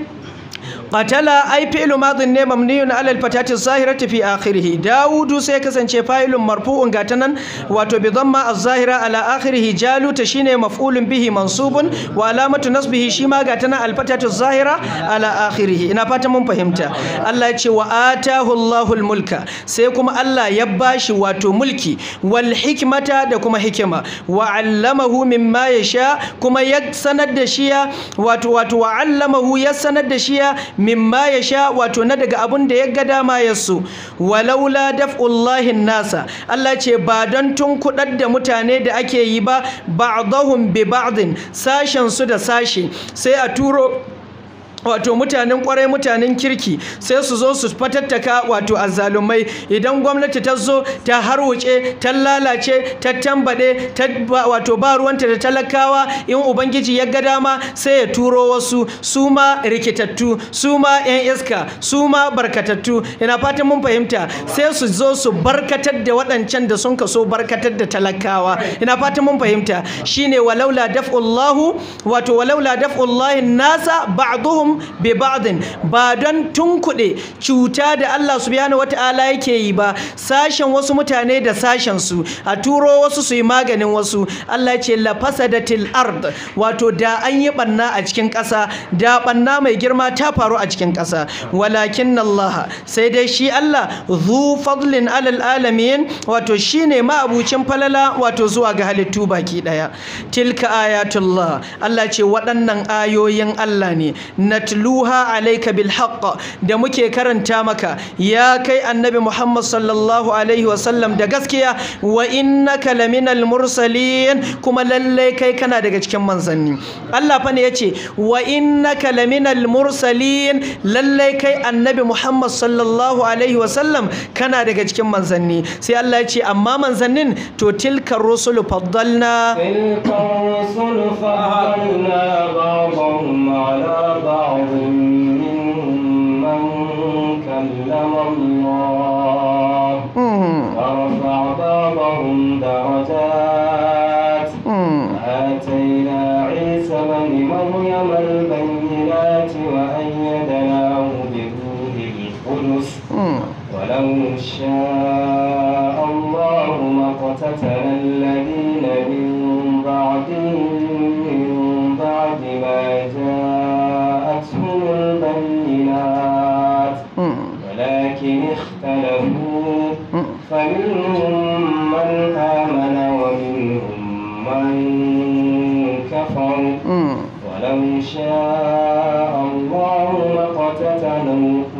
qatala ai fi'lu madin ne mamniyun ala al-fatati zahirati fi akhirih daudu sai kasance fa'ilun marfu'un gata nan wato bi dhamma az-zahira ala akhirih jalut shine maf'ulun bihi mansubun wa alamatu nasbihi shima gata nan al-fatati zahira ala akhirih ina fata mun fahimta Allah ce wa atahu Allahu al-mulka sai kuma Allah ya bashi wato mulki wal hikmata da kuma hikima wa allamahu mimma yasha kuma ya sanar da shiya wato wato wa allamahu ya sanar da shiya mimma ya sha wato na daga abun da ya ga dama yasu walaula daf'ullahi nasa Allah ce ba don tun kudar da mutane da ake yi ba ba'dahum bi ba'din sashen su da sashi sai a turo wato mutanen kwarai mutanen kirki sai su zo su fatattaka wato azzalumai idan gwamnati ta zo ta harwuce ta lalace ta tambade ta wato ba ruwanta da talakawa in ubangiji ya ga dama sai ya turo wasu su ma rikitattu su ma yan iska su ma barkatattu ina fatan mun fahimta sai su zo su barkatar da waɗancan da sun kaso barkatar da talakawa ina fatan mun fahimta shine walaula daf'ullahu wato walaula daf'ullahi nasa ba'dhum bi ba'din ba don tunkuɗe cuta da Allah subhanahu wata'ala yake yi ba sashen wasu mutane da sashen su a turo wasu su yi maganin wasu Allah ce la fasadatil ard wato da an yi banna a cikin ƙasa da banna mai girma ta faru a cikin ƙasa walakin Allah sai dai shi Allah zu fadlin alal alamin wato shine ma'abucin falala wato zuwa ga halittu baki daya tilka ayatullah Allah ce waɗannan ayoyin Allah ne na natluha alayka bil da muke karanta maka ya kai annabi Muhammad sallallahu alaihi wasallam da gaskiya wa innaka laminal mursalin kuma lallai kai kana daga cikin manzanni Allah fa ne ce, wa innaka laminal mursalin lallai kai annabi Muhammad sallallahu alaihi wasallam kana daga cikin manzanni sai Allah ce amma manzannin to tilka rusulu faddalna tilka rusulu faddalna ba'dhum ala ba'd عظيم ممن كلم الله فرفع بعضهم درجات وآتينا عيسى بن مريم البينات وأيدناه بروح القدس ولو شاء الله ما اقتتل الذين من بعدهم ولكن اختلفوا فمنهم من آمن ومنهم من كفر ولو شاء الله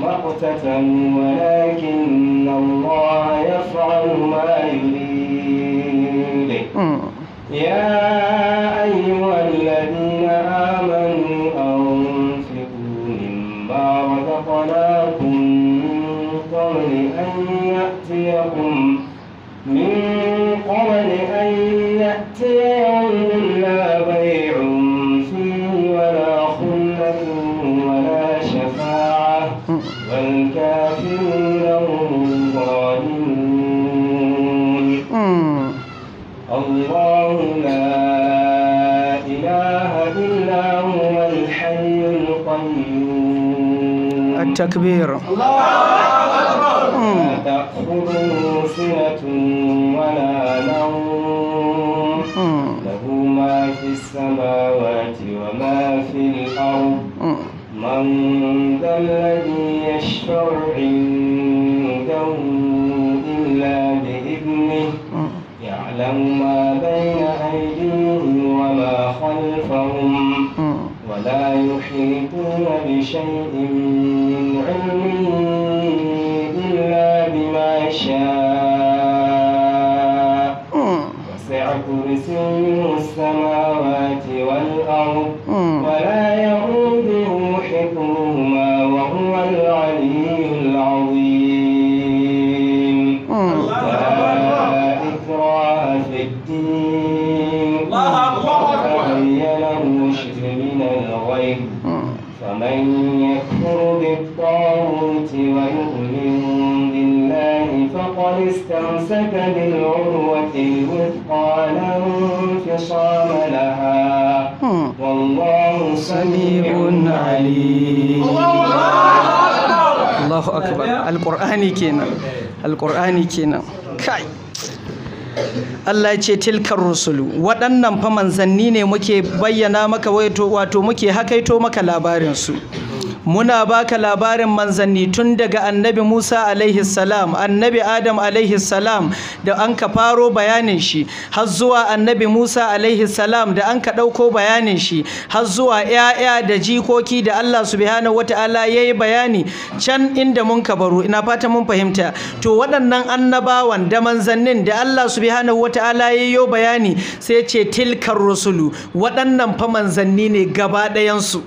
ما اقتتلوا ولكن الله يفعل ما يريد يا أن من قبل أن يأتي لا بيع فيه ولا خلة ولا شفاعة والكافرون هم الله لا إله إلا هو الحي القيوم التكبير الله تأخذه سنة ولا نوم له ما في السماوات وما في الأرض من ذا الذي يشفع عنده إلا بإذنه يعلم ما بين أيديهم وما خلفهم ولا يحيطون بشيء alƙur'ani kenan alƙur'ani kenan kai Allah ya ce tilkar rusulu waɗannan fa manzanni ne muke bayyana maka wato muke hakaito maka labarin su muna baka labarin manzanni tun daga annabi Musa alaihi salam annabi Adam alaihi salam da an ka faro bayanin shi har zuwa annabi Musa alaihi salam da an ka ɗauko bayanin shi har zuwa ƴaƴa da jikoki da Allah subhanahu wataala yayi bayani can inda mun ka baro ina fata mun fahimta to waɗannan annabawan da manzannin da Allah subhanahu wataala yayi bayani sai ce tilkar rusulu waɗannan fa manzanni ne gaba ɗayansu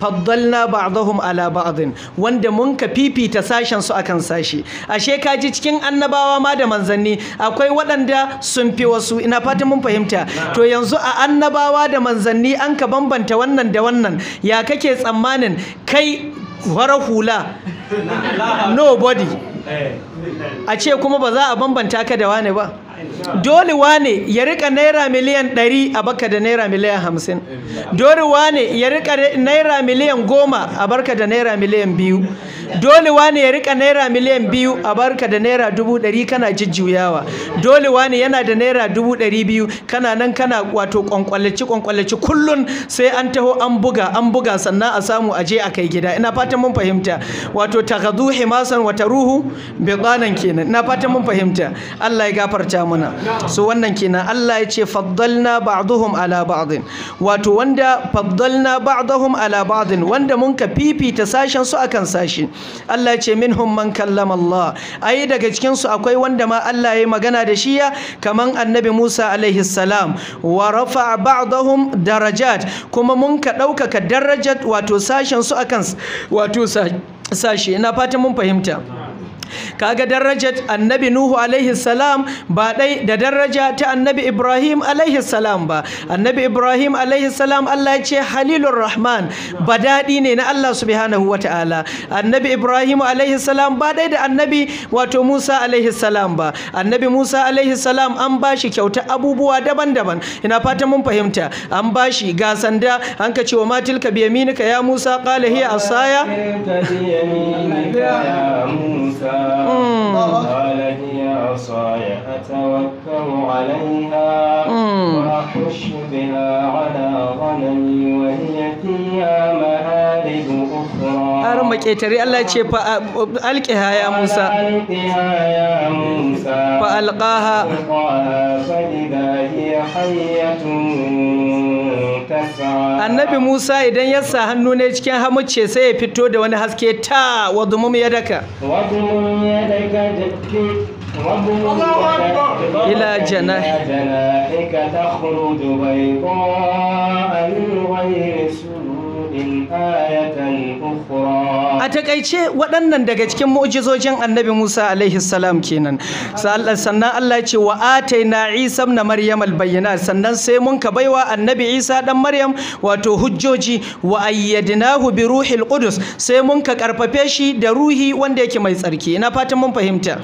faddalna ba'dahum ala ba'din wanda mun ka fifita sashen su akan sashi ashe ka ji cikin annabawa ma da manzanni akwai waɗanda sun fi wasu ina fatan mun fahimta to yanzu a annabawa da manzanni an ka bambanta wannan da wannan ya kake tsammanin kai wara hula <laughs> nobody eh. a ce kuma ba za a bambanta ka da wane ba dole wane ya rika naira miliyan ɗari a baka da naira miliyan hamsin dole wane ya rika naira miliyan goma a barka da naira miliyan biyu dole wane ya rika naira miliyan biyu a barka da naira dubu ɗari kana jijjuyawa dole wane yana da naira dubu ɗari biyu kana nan kana wato kwankwalaci kwankwalaci kullun sai an taho an buga an buga sannan a samu a je a kai gida ina fatan mun fahimta wato takadu himasan wata ruhu bi kenan ina fatan mun fahimta Allah ya gafarta mu muna so wannan kenan Allah ya ce faddalna ba'dhum ala ba'din wato wanda faddalna ba'dhum ala ba'din wanda mun ka fifita sashen su akan sashi Allah ya ce minhum man kallama Allah ai daga cikin su akwai wanda ma Allah ya magana da shi ya kaman annabi Musa alaihi salam wa rafa'a ba'dhum darajat kuma mun ka ɗaukaka darajat wato sashen su akan wato sashe ina fatan mun fahimta kaga darajar annabi nuhu alaihi salam ba dai da daraja ta annabi ibrahim alaihi salam ba annabi ibrahim alaihi salam Allah ya ce halilur rahman ba daɗi ne na Allah subhanahu wataala annabi ibrahim alaihi salam ba dai da annabi wato musa alaihi salam ba annabi musa alaihi salam an bashi kyauta abubuwa daban-daban ina fatan mun fahimta an bashi ga sanda an ka wa ma tilka biyaminika ya musa qala hiya asaya ya musa 嗯。عصاي أتوكل عليها وأحش بها على غنمي وهي فيها مآرب أخرى الله فألقها يا موسى يا موسى فألقاها فإذا هي حية annabi musa idan ya sa hannu ne cikin hamuce sai ya fito da wani haske ta wadumum ya daka wadumum ya daka إلى جناح جناحك تخرج بيضاء من غير سوء a takaice waɗannan daga cikin mu'jizojin annabi Musa alaihi salam kenan sannan Allah ce wa na Isa na Maryam albayyana sannan sai mun ka baiwa annabi Isa dan Maryam wato hujjoji wa ayyadnahu bi ruhil qudus sai mun ka karfafe shi da ruhi wanda yake mai tsarki ina fatan mun fahimta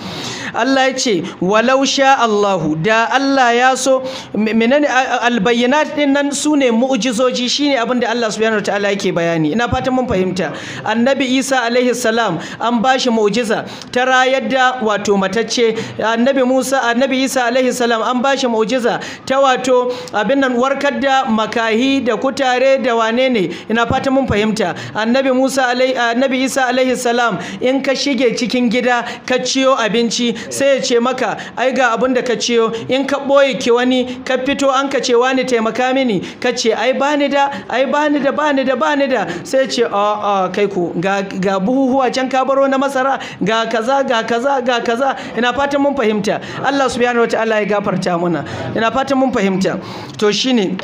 Allah ya ce walau sha Allahu da Allah ya so menene albayyinat din su sune mu'jizoji shine abin da Allah subhanahu yake bayani bayani ina fatan mun fahimta annabi isa alaihi salam an bashi mu'jiza ta rayar da wato matacce annabi musa annabi isa alaihi salam an bashi mu'jiza ta wato abin nan warkar da makahi da kutare da wane ne ina fatan mun fahimta annabi musa alaihi annabi isa alaihi salam in ka shige cikin gida ka ciyo abinci sai ya ce maka ai ga abin da ka ciyo in ka boye ki wani ka fito an ka ce wani taimaka mini ka ce ai bani da ai bani da bani da bani da sai ce a a kai ku ga ga buhuhuwa can ka baro na masara ga kaza ga kaza ga kaza ina fatan mun fahimta Allah subhanahu ta'ala ya gafarta muna ina fatan mun fahimta to shine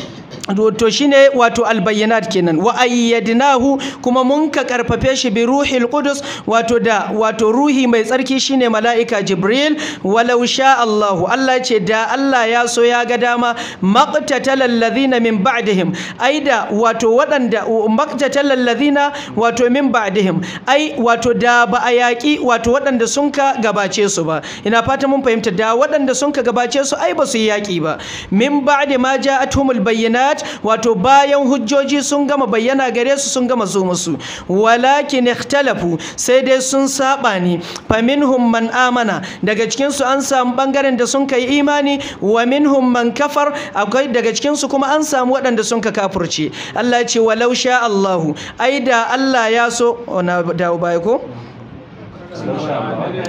to shine wato albayyanat kenan wa ayyadnahu kuma mun ka karfafe shi bi ruhil qudus wato da wato ruhi mai tsarki shine malaika jibril walau sha Allahu Allah ce da Allah ya so ya ga dama maqtatal ladhina min ba'dihim aida wato wadanda maqtatal ladhina wato min ba'dihim ai wato da ba a wato wadanda sun ka gabace su ba ina fata mun fahimta da wadanda sun ka gabace su ai ba su yi yaki ba min ba'di ma ja'atuhumul bayyinat wato bayan hujjoji sun gama bayyana gare su sun gama zo musu walakin ikhtalafu sai dai sun saba ne faminhum man amana daga cikin su an samu bangaren da sun kai imani wa minhum man kafar akwai daga cikin su kuma an samu waɗanda sun ka kafurce Allah ya ce walau sha Allahu ai da Allah ya so oh, na dawo baya ko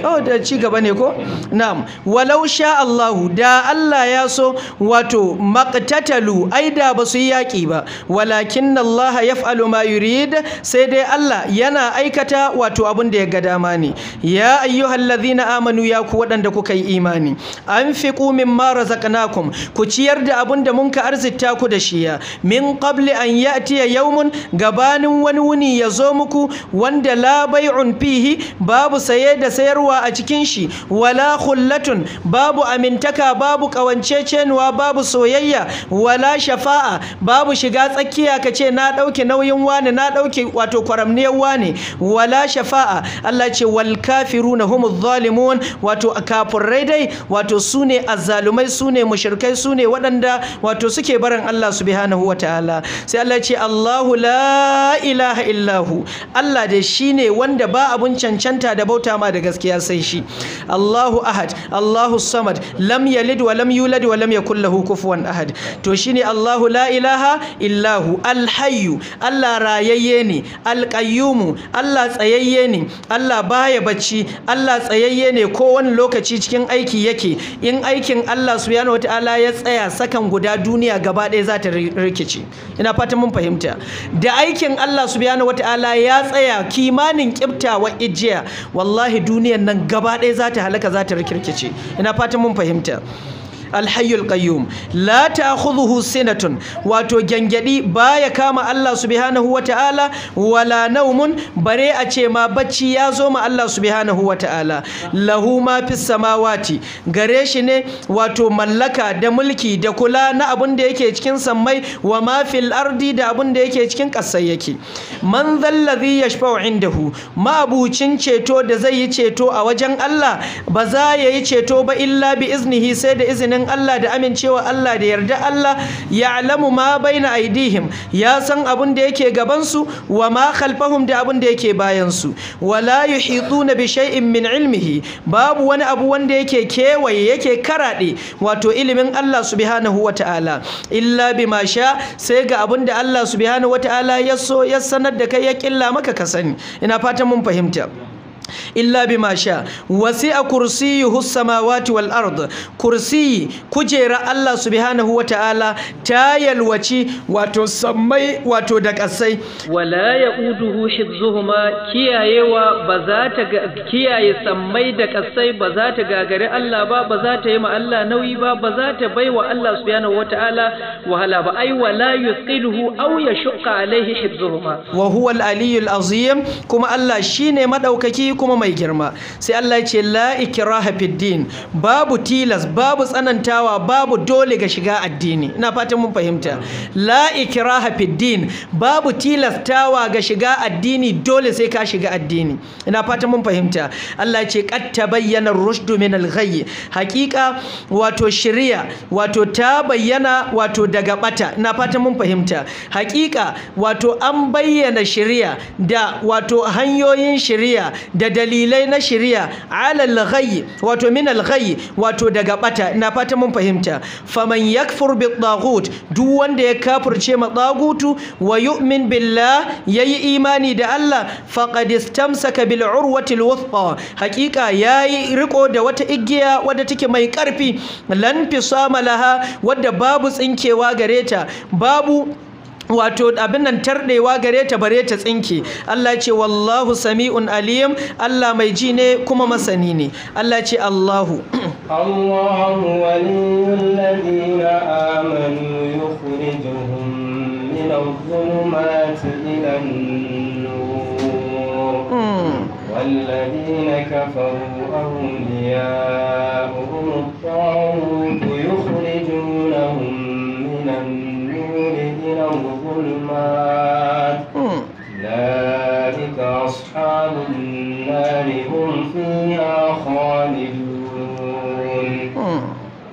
oh da ci gaba ne ko na'am walau sha Allahu da Allah ya so wato maqtatalu ai da ba su yaki ba walakin Allah yaf'alu ma yurid sai dai Allah yana aikata wato abin da ya ga dama ne ya ayyuhallazina amanu ya ku waɗanda kuka yi imani anfiqu mimma razaqnakum ku ciyar da abin da mun ka arzikta ku da shi ya min qabli an ya'tiya yawmun gabanin wani wuni ya zo muku wanda la bai'un fihi babu saye da sayarwa a cikin shi wala khullatun babu amintaka babu kawancecenwa babu soyayya wala shafa'a babu shiga tsakiya kace na dauke nauyin wani na dauke wato kwaramniyar wani wala shafa'a Allah ce wal kafiruna humuz zalimun wato kafurai dai wato sune azzalumai sune mushrikai sune waɗanda wato suke barin Allah subhanahu wataala sai Allah ce Allahu la ilaha illahu Allah dai shine wanda ba abun cancanta da bauta ma da gaskiya sai shi Allahu ahad Allahu samad lam yalid wa lam yulad wa lam yakul lahu kufuwan ahad to shine Allahu la ilaha illahu alhayyu Allah rayayye ne qayyum Allah tsayayye ne Allah baya bacci Allah tsayayye ne ko wani lokaci cikin aiki yake in aikin Allah subhanahu wataala ya tsaya sakan guda duniya gaba ɗaya za ta rikice ina fatan mun fahimta da aikin Allah subhanahu wataala ya tsaya kimanin kibta wa ijiya wallahi duniyan nan gaba ɗaya za ta halaka za ta rikirkice ina fatan mun fahimta alhayyul qayyum la ta'khudhuhu sinatun wato gyangyadi ya kama Allah subhanahu wataala wala naumun bare a ce ma bacci ya zo ma Allah subhanahu wataala lahu ma fis samawati gare shi ne wato mallaka da mulki da kula na abun da yake cikin sammai wa ma fil ardi da abun da yake cikin kasai yake man zallazi yashfa'u indahu ma ceto da zai yi ceto a wajen Allah ba za ya yi ceto ba illa bi iznihi sai da izinin ganin Allah da amincewa Allah da yarda Allah ya ya'lamu ma baina aidihim ya san abin da yake gabansu su wa ma khalfahum da abin da yake bayan su wala yuhituna bi shay'in min ilmihi babu wani abu wanda yake kewaye yake karaɗe. wato ilimin Allah subhanahu wataala illa bima sha sai ga abun da Allah subhanahu wataala ya so ya sanar da kai ya killa maka ka sani ina fatan mun fahimta illa bima sha wasi'a kursiyuhu samawati wal ard kursi kujera Allah subhanahu ta'ala ta yalwaci wato sammai wato da kasai wala yauduhu hifzuhuma kiyayewa ba za ta kiyaye sammai da kasai ba za ta gagare Allah ba ba za ta yi ma Allah nauyi ba ba za ta baiwa Allah subhanahu ta'ala wahala ba ai wala yusqiluhu aw yashqa alaihi hifzuhuma wa huwa al aliyyul azim kuma Allah shine madaukaki kuma mai girma sai Allah ya ce la ikraha fid babu tilas babu tsanantawa babu dole ga shiga addini ina fatan mun fahimta la ikraha fid din babu tilastawa ga shiga addini dole sai ka shiga addini ina fatan mun fahimta Allah ya ce qad tabayyana rushdu min al hakika wato shari'a wato ta bayyana wato daga bata ina fatan mun fahimta hakika wato an bayyana shari'a da wato hanyoyin shari'a da da dalilai na shari'a alal ghayy wato min al ghayy wato daga bata ina fata mun fahimta faman yakfur bi taghut duk wanda ya kafirce ma tagutu wa yu'min billah yayi imani da Allah faqad istamsaka bil urwati al wuthqa haqiqa yayi riko da wata igiya wadda take mai karfi lan fisama laha wadda babu tsinkewa gareta. babu wato abin nan tardewa gare ta bare ta tsinki. Allah ce wallahu sami'un aliyam. Allah mai ji ne kuma masani ne Allah ce Allahu Allahu waliyul ladina amanu yukhrijuhum min adh-dhulumati ila an-nur والذين كفروا أولياؤهم الطاغوت يخرجونهم الظلمات أولئك أصحاب النار هم فيها خالدون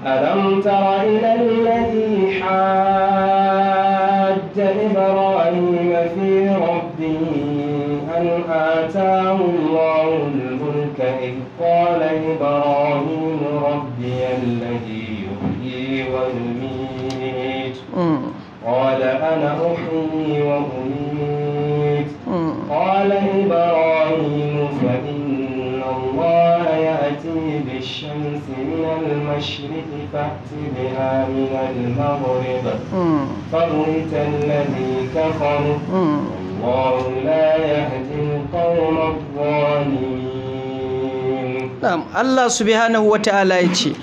ألم تر إلى الذي حاج إبراهيم في ربه أن آتاه الله الملك إذ قال إبراهيم فأت بها من المغرب فبهت الذي كفر والله لا يهدي القوم الظالمين نعم الله سبحانه وتعالى يقول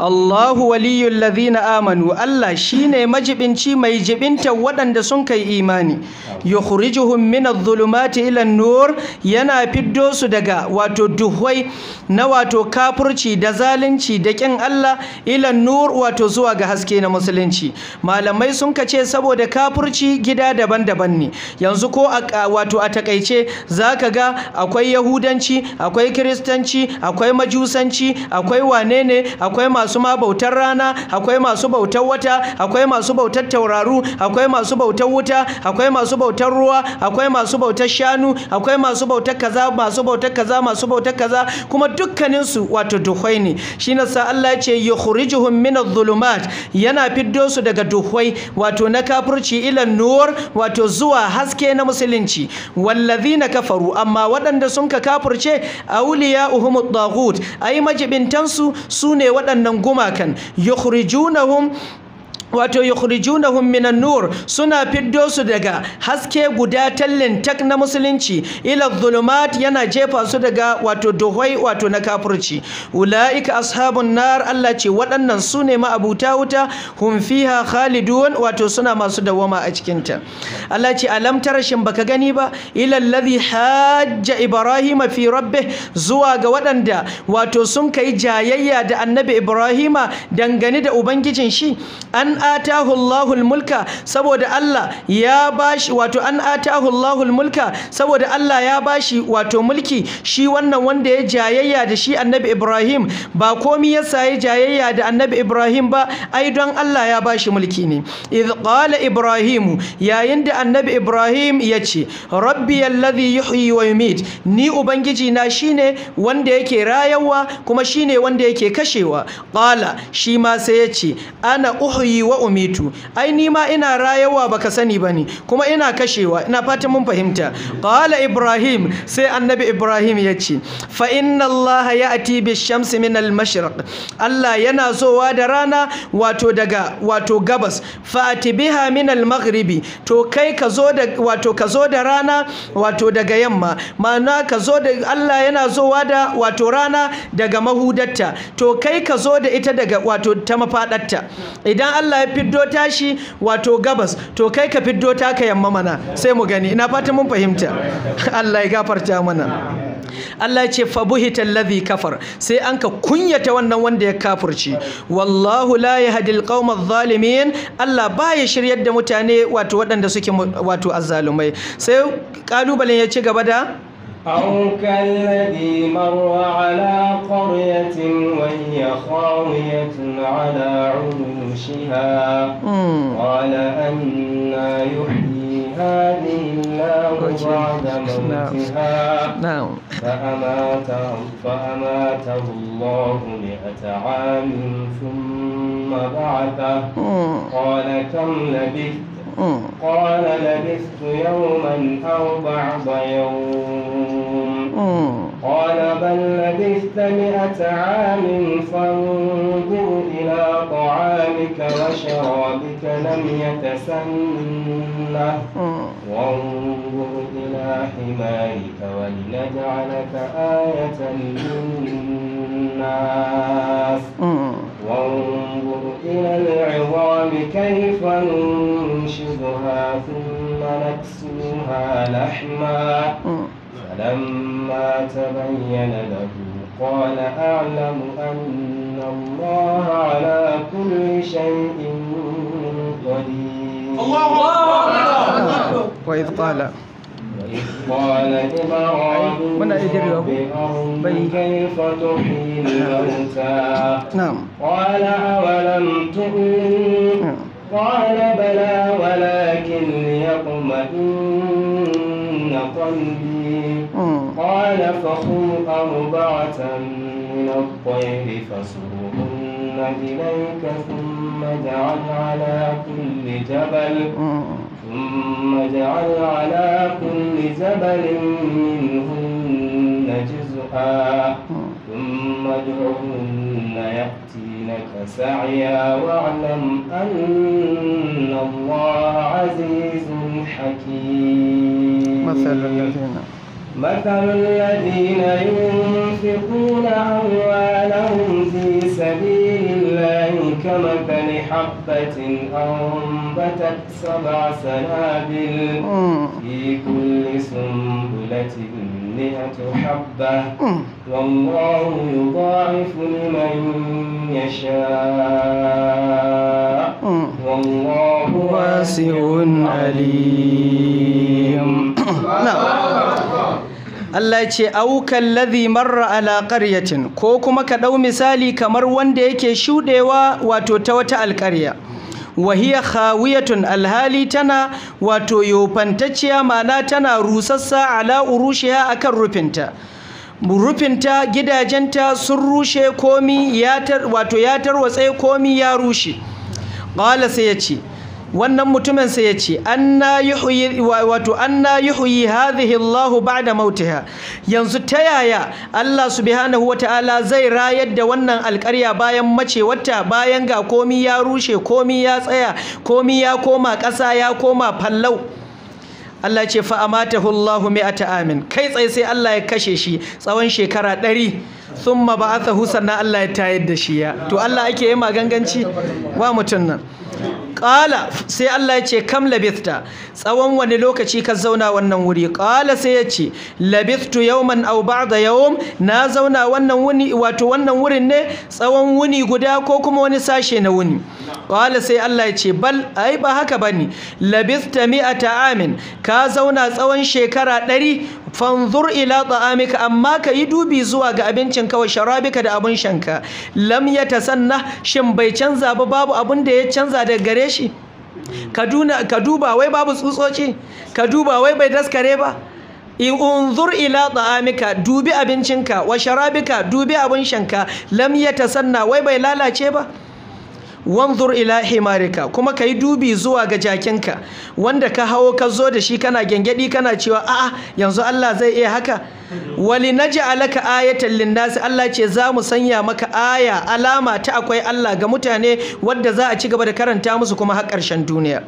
Allahu waliyyul ladhina amanu Allah shine majibinci mai jibinta waɗanda sun kai imani yukhrijuhum minadh dhulumati ila nur yana fiddo su daga wato duhwai na wato kafurci da zalunci da kin Allah ila nur wato zuwa ga haske na musulunci malamai sun kace saboda kafurci gida daban-daban ne yanzu ko a wato a takaice zaka ga akwai yahudanci akwai kristanci akwai majusanci akwai wane ne akwai masu ma bautar rana akwai masu bautar wata akwai masu bautar tauraru akwai masu bautar wuta akwai masu bautar ruwa akwai masu bautar shanu akwai masu bautar kaza masu bautar kaza masu bautar kaza kuma dukkanin su wato duhwai ne shi sa Allah ya ce yukhrijuhum min adh-dhulumat yana fiddo su daga duhwai wato na kafirci ila nur wato zuwa haske na musulunci wallazina kafaru amma waɗanda sun ka kafirce auliya ad-daghut ai majibintan su sune waɗannan يخرجونهم wato yukhrijunahum minan nur suna fiddo su daga haske guda tallin tak na musulunci ila dhulumat yana jefa su daga wato duhai wato na kafirci ulaika ashabun nar Allah ce waɗannan su ne ma'abuta wuta hum fiha khalidun wato suna masu dawama a cikin ta Allah ce alam tarashin baka gani ba ila alladhi hajja ibrahim fi rabbih zuwa ga waɗanda wato sun kai jayayya da annabi ibrahima dangane da ubangijin shi an atahu Allahul mulka saboda Allah ya bashi wato an atahu Allahul mulka saboda Allah ya bashi wato mulki shi wannan wanda ya jayayya da shi Annabi Ibrahim ba komi ya sayi jayayya da Annabi Ibrahim ba ai don Allah ya bashi mulki ne idh qala Ibrahim yayin da Annabi Ibrahim yace ce rabbi alladhi yuhyi wa yumit ni ubangiji na shine wanda yake rayarwa kuma shine wanda yake kashewa qala shi ma sai yace ana uhyi wa umitu ai ni ma ina rayawa baka sani bane kuma ina kashewa ina fatan mun fahimta qala ibrahim sai annabi ibrahim yace fa inna allah ya'ti bish-shamsi min al-mashriq allah yana zowa da rana wato daga wato gabas fa biha min al to kai ka zo da wato ka zo da rana wato daga yamma ma'ana ka zo da allah yana zowa da wato rana daga mahudatta to kai ka zo da ita daga wato ta mafadarta idan allah fiddo tashi wato gabas to kai ka fiddo ta ka yamma mana sai mu gani ina fata mun fahimta <laughs> Allah ya gafarta mana Allah ya ce fabuhita alladhi kafar sai an ka kunyata wannan wanda ya kafurci wallahu la yahdil qauma adh-dhalimin Allah ya shiryar da mutane wato waɗanda suke wato azzalumai sai kalubalen ya ci gaba da أو كالذي مر على قرية وهي خاوية على عروشها قال أنا يحيي هذه الله بعد موتها نعم. فأماته, فأماته الله مئة عام ثم بعثه قال كم لبثت قال لبثت يوما أو بعض يوم قال بل لبثت مئة عام فانظر إلى طعامك وشرابك لم يتسنه وانظر إلى حمارك ولنجعلك آية للناس من العظام كيف ننشدها ثم نكسوها لحما فلما تبين له قال أعلم أن الله على كل شيء قدير الله أكبر وإذ قال قال براء كيف تحيي الموتى قال أولم تؤمن قال بلى ولكن ليطمئن قلبي قال فخذ أربعة من الطير فصرهن إليك ثم اجعل على كل جبل ثم اجعل على كل زبل منهن جزءا ثم ادعهن يأتينك سعيا واعلم أن الله عزيز حكيم مثل الذين مثل الذين ينفقون أموالهم في سبيل الله كمثل حبة أنبتت سبع سنابل في كل سنبلة مئة حبة والله يضاعف لمن يشاء والله واسع عليم <coughs> نعم. Allah ya ce aukal ladhi marra ala qaryatin ko kuma ka dau misali kamar wanda yake shudewa wato ta wata alƙarya wa hiya khawiyatun alhali tana wato yofantacciya ma'ana tana rusassa ala urushiha akan rufinta rufinta gidajenta sun rushe komi ya wato ya tarwatse komi ya rushe qala sai yace. wannan mutumin sai ya ce an na wato anna yuhyi hadhihi Allahu da mautiha yanzu ta yaya Allah subhanahu wataala zai rayar da wannan alkarya bayan mace wata bayan ga komi ya rushe komi ya tsaya komi ya koma ƙasa ya koma fallau Allah ce fa hullahu mai ta amin kai tsaye sai Allah ya kashe shi tsawon shekara ɗari thumma ba'athahu sannan Allah ya tayar da shi ya to Allah ake yi maganganci wa mutum nan Ƙala sai Allah ya ce kam labista. tsawon wani lokaci ka zauna wannan wuri Ƙala sai ya ce labithtu yawman ba da yau na zauna wannan wuni wato wannan wurin ne tsawon wuni guda ko kuma wani sashe na wuni Ƙala sai Allah ya ce bal ai ba haka bane labithta mi amin ta'amin ka zauna tsawon shekara ɗari fanzur ila ta'amika amma ka yi dubi zuwa ga abincin kawai sharabika da abin shanka lam ya tasanna shin bai canza ba babu abin da ya canza da gare shi ka duba wai babu tsutsoci ka duba wai bai daskare ba unzur ila ta'amika dubi abincinka wa sharabika dubi abin shanka lam ya tasanna wai bai lalace ba wanzur ila himarika kuma ka yi dubi zuwa ga jakinka wanda ka hawo ka zo da shi kana gyangyaɗi kana cewa a'a yanzu Allah zai iya haka wali naj'alaka ayatan linnasi Allah ce za mu sanya maka aya alama ta akwai Allah ga mutane wadda za a ci gaba da karanta musu kuma har karshen duniya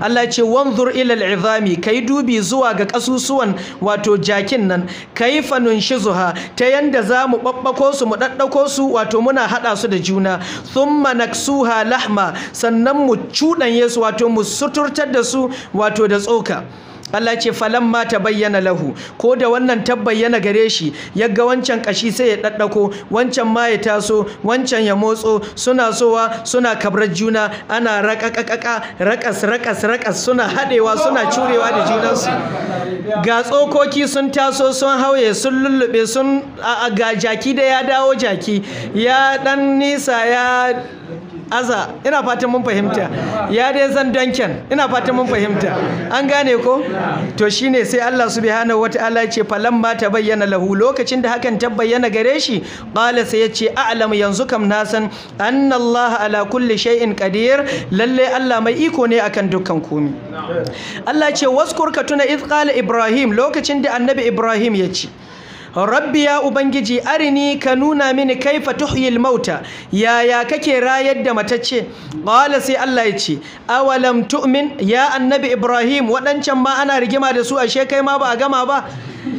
Allah ce wanzur ila al'izami kai dubi zuwa ga kasusuwan wato jakin nan fanunshi zuha ta yanda za mu babbako su mu daddako su wato muna hada su da juna thumma naksu nashudduha lahma sannan mu cudanye su wato mu suturtar da su wato da tsoka Allah ce ma ta bayyana lahu ko da wannan tabbayyana gare shi ga wancan kashi sai ya ɗaɗɗako, wancan ma ya taso wancan ya motso suna sowa suna kabrar juna ana raƙaƙaƙa raƙas raƙas raƙas suna hadewa suna curewa da junansu ga tsokoki sun taso sun hauye sun lullube sun ga jaki da ya dawo jaki ya dan nisa ya aza ina fatan mun fahimta ya dai zan danken ina fatan mun fahimta an gane ko to shine sai Allah subhanahu wataala ce ta bayyana lahu lokacin da hakan ta bayyana gare shi qala sai yace a'lamu yanzu kam na san anna Allah ala kulli shay'in qadir lalle Allah mai iko ne akan dukkan komai Allah ce waskurka tuna iz qala Ibrahim lokacin da annabi Ibrahim ya ce rabbi ya ubangiji arini ka nuna mini kaifa tuhyil mauta yaya kake rayar da matacce qala sai Allah ya ce awalam tu'min ya annabi ibrahim wadancan ma ana rigima da su ashe kai ma ba a gama ba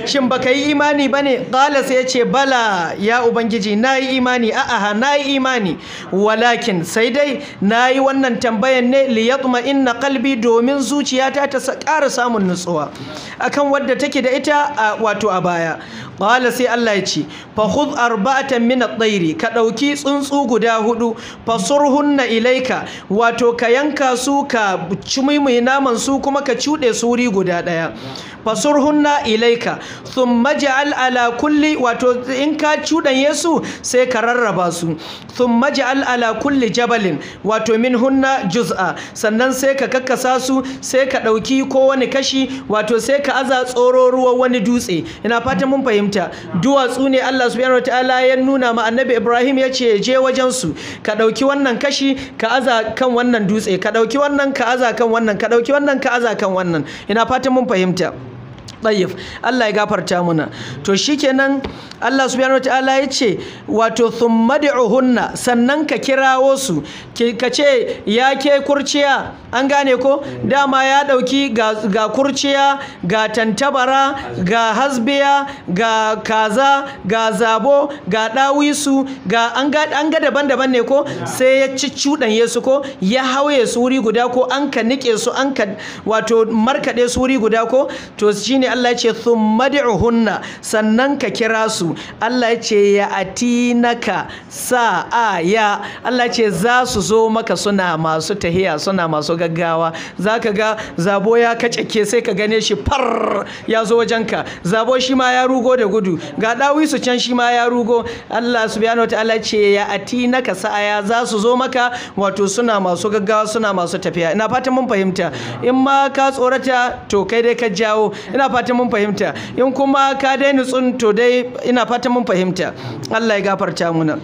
shin baka yi imani bane qala sai ya ce bala ya ubangiji nayi imani a aha nayi imani walakin sai dai nayi wannan tambayan ne li yatma inna qalbi domin zuciyata ta ƙara samun nutsuwa akan wadda take da ita wato a baya qala sai Allah ya ce fa khudh arba'atan min at ka ɗauki tsuntsu guda hudu fasurhunna ilaika wato ka yanka su ka cimimai naman su kuma ka cuɗe su wuri guda daya fasurhunna ilaika thumma ja'al ala kulli wato in ka cudanye yesu sai ka rarraba su thumma ja'al ala kulli jabalin wato minhunna juz'a sannan sai ka kakkasa su sai ka ɗauki ko wani kashi wato sai ka aza tsororuwa wani dutse ina fata mun fahimta ta duwatsu ne Allah subhanahu wataala ya nuna ma annabi Ibrahim ya ce je wajen su ka dauki wannan kashi ka aza kan wannan dutse ka dauki wannan ka aza kan wannan ka dauki wannan ka aza kan wannan ina fatan mun fahimta tayyib Allah ya gafarta muna to shikenan Allah subhanahu wataala ya ce wato thumma ohunna sannan ka kirawo su ka ce ya ke kurciya an gane ko dama ya ɗauki ga kurciya ga tantabara ga hasbiya ga kaza ga zabo ga dawisu ga an ga daban-daban ne ko sai ya cuɗanye yesu ko ya hauye su wuri guda ko an ka nike su an ka wato markade su wuri guda ko to shine Allah ya ce sun madi'uhunna sannan ka kira su Allah ya ce ya atinaka sa'a ya Allah ya ce za su zo maka suna masu tahiya suna masu gaggawa za ka ga zabo ya kacake sai ka gane shi far ya zo wajenka zabo shi ma ya rugo da gudu ga dawi su can shi ma ya rugo Allah su biya subhanahu wataala ce ya atinaka sa'a za su zo maka wato suna masu gaggawa suna masu tafiya ina fatan mun fahimta in ma ka tsorata to kai dai ka jawo ina fatan fatan mun fahimta in kuma ka daina nutsun to dai ina fatan mun fahimta Allah ya gafarta muna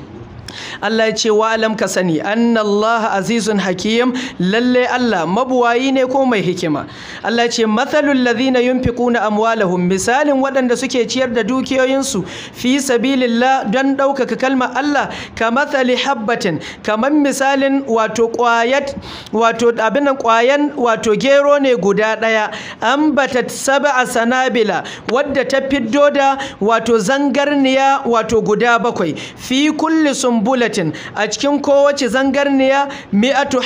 Allah ya ce wa alam ka sani Allah azizun hakim lalle Allah mabuwayi ne ko mai hikima Allah ya ce mathalul ladhina yunfiquna amwalahum misalin waɗanda suke ciyar da dukiyoyinsu fi sabilillah don ɗaukaka kalma Allah ka mathali habbatin kaman misalin wato qayat wato abinan qayan wato gero ne guda ɗaya ambatat sab'a sanabila wadda ta fiddo da wato zangarniya wato guda bakwai fi kulli sum bulletin a cikin kowace zangarniya mi'atu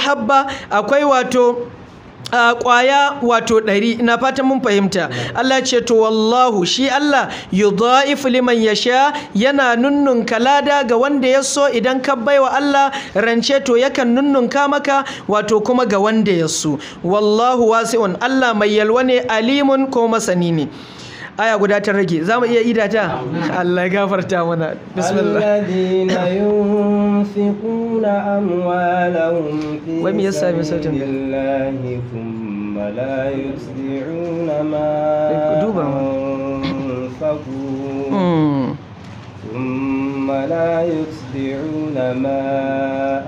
habba akwai wato a wato ɗari na fata mun fahimta Allah ce to wallahu shi Allah za'ifu liman sha yana nunnunka lada ga wanda ya so idan ka baiwa Allah rance to yakan nunnunka maka wato kuma ga wanda ya so wallahu wasi'un Allah mai yalwa ne alimun ko masani ne aya guda ta rage za mu iya ida ta Allah ya gafarta mana bismillah alladhina yunfiquna amwalahum fi yasa sautin duba ثم لا ما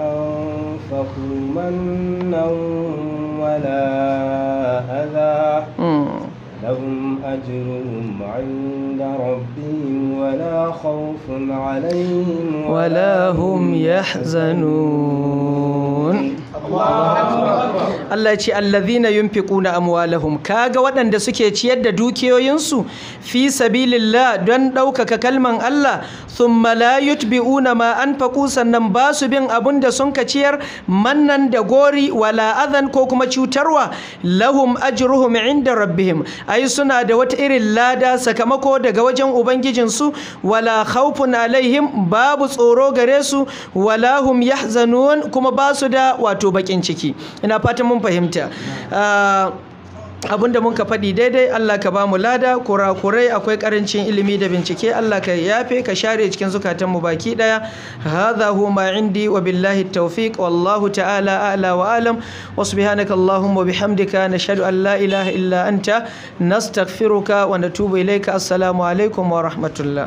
أنفقوا منا ولا لهم أجرهم عند ربهم ولا خوف عليهم ولا هم يحزنون Allah ya ce allazina yunfiquna amwalahum kaga waɗanda suke ciyar da dukiyoyinsu fi sabilillah don ɗaukaka kalman Allah thumma la yutbi'una ma anfaqu sannan ba su bin abun da sun ka ciyar mannan da gori wala adhan ko kuma cutarwa lahum ajruhum inda rabbihim ai suna da wata irin lada sakamako daga wajen ubangijinsu wala khawfun alaihim babu tsoro gare su wala hum yahzanun kuma ba su da wato bakin ciki ina fatan mun fahimta ah, abinda mun ka faɗi daidai Allah ka bamu lada kurakurai akwai karancin ilimi da bincike Allah ka yafe ka share cikin zukatan mu baki daya hadha huma indi wa billahi tawfiq wallahu ta'ala a'la wa alam wa subhanaka allahumma bihamdika nashhadu an la ilaha illa anta nastaghfiruka wa natubu ilayka assalamu alaikum wa rahmatullah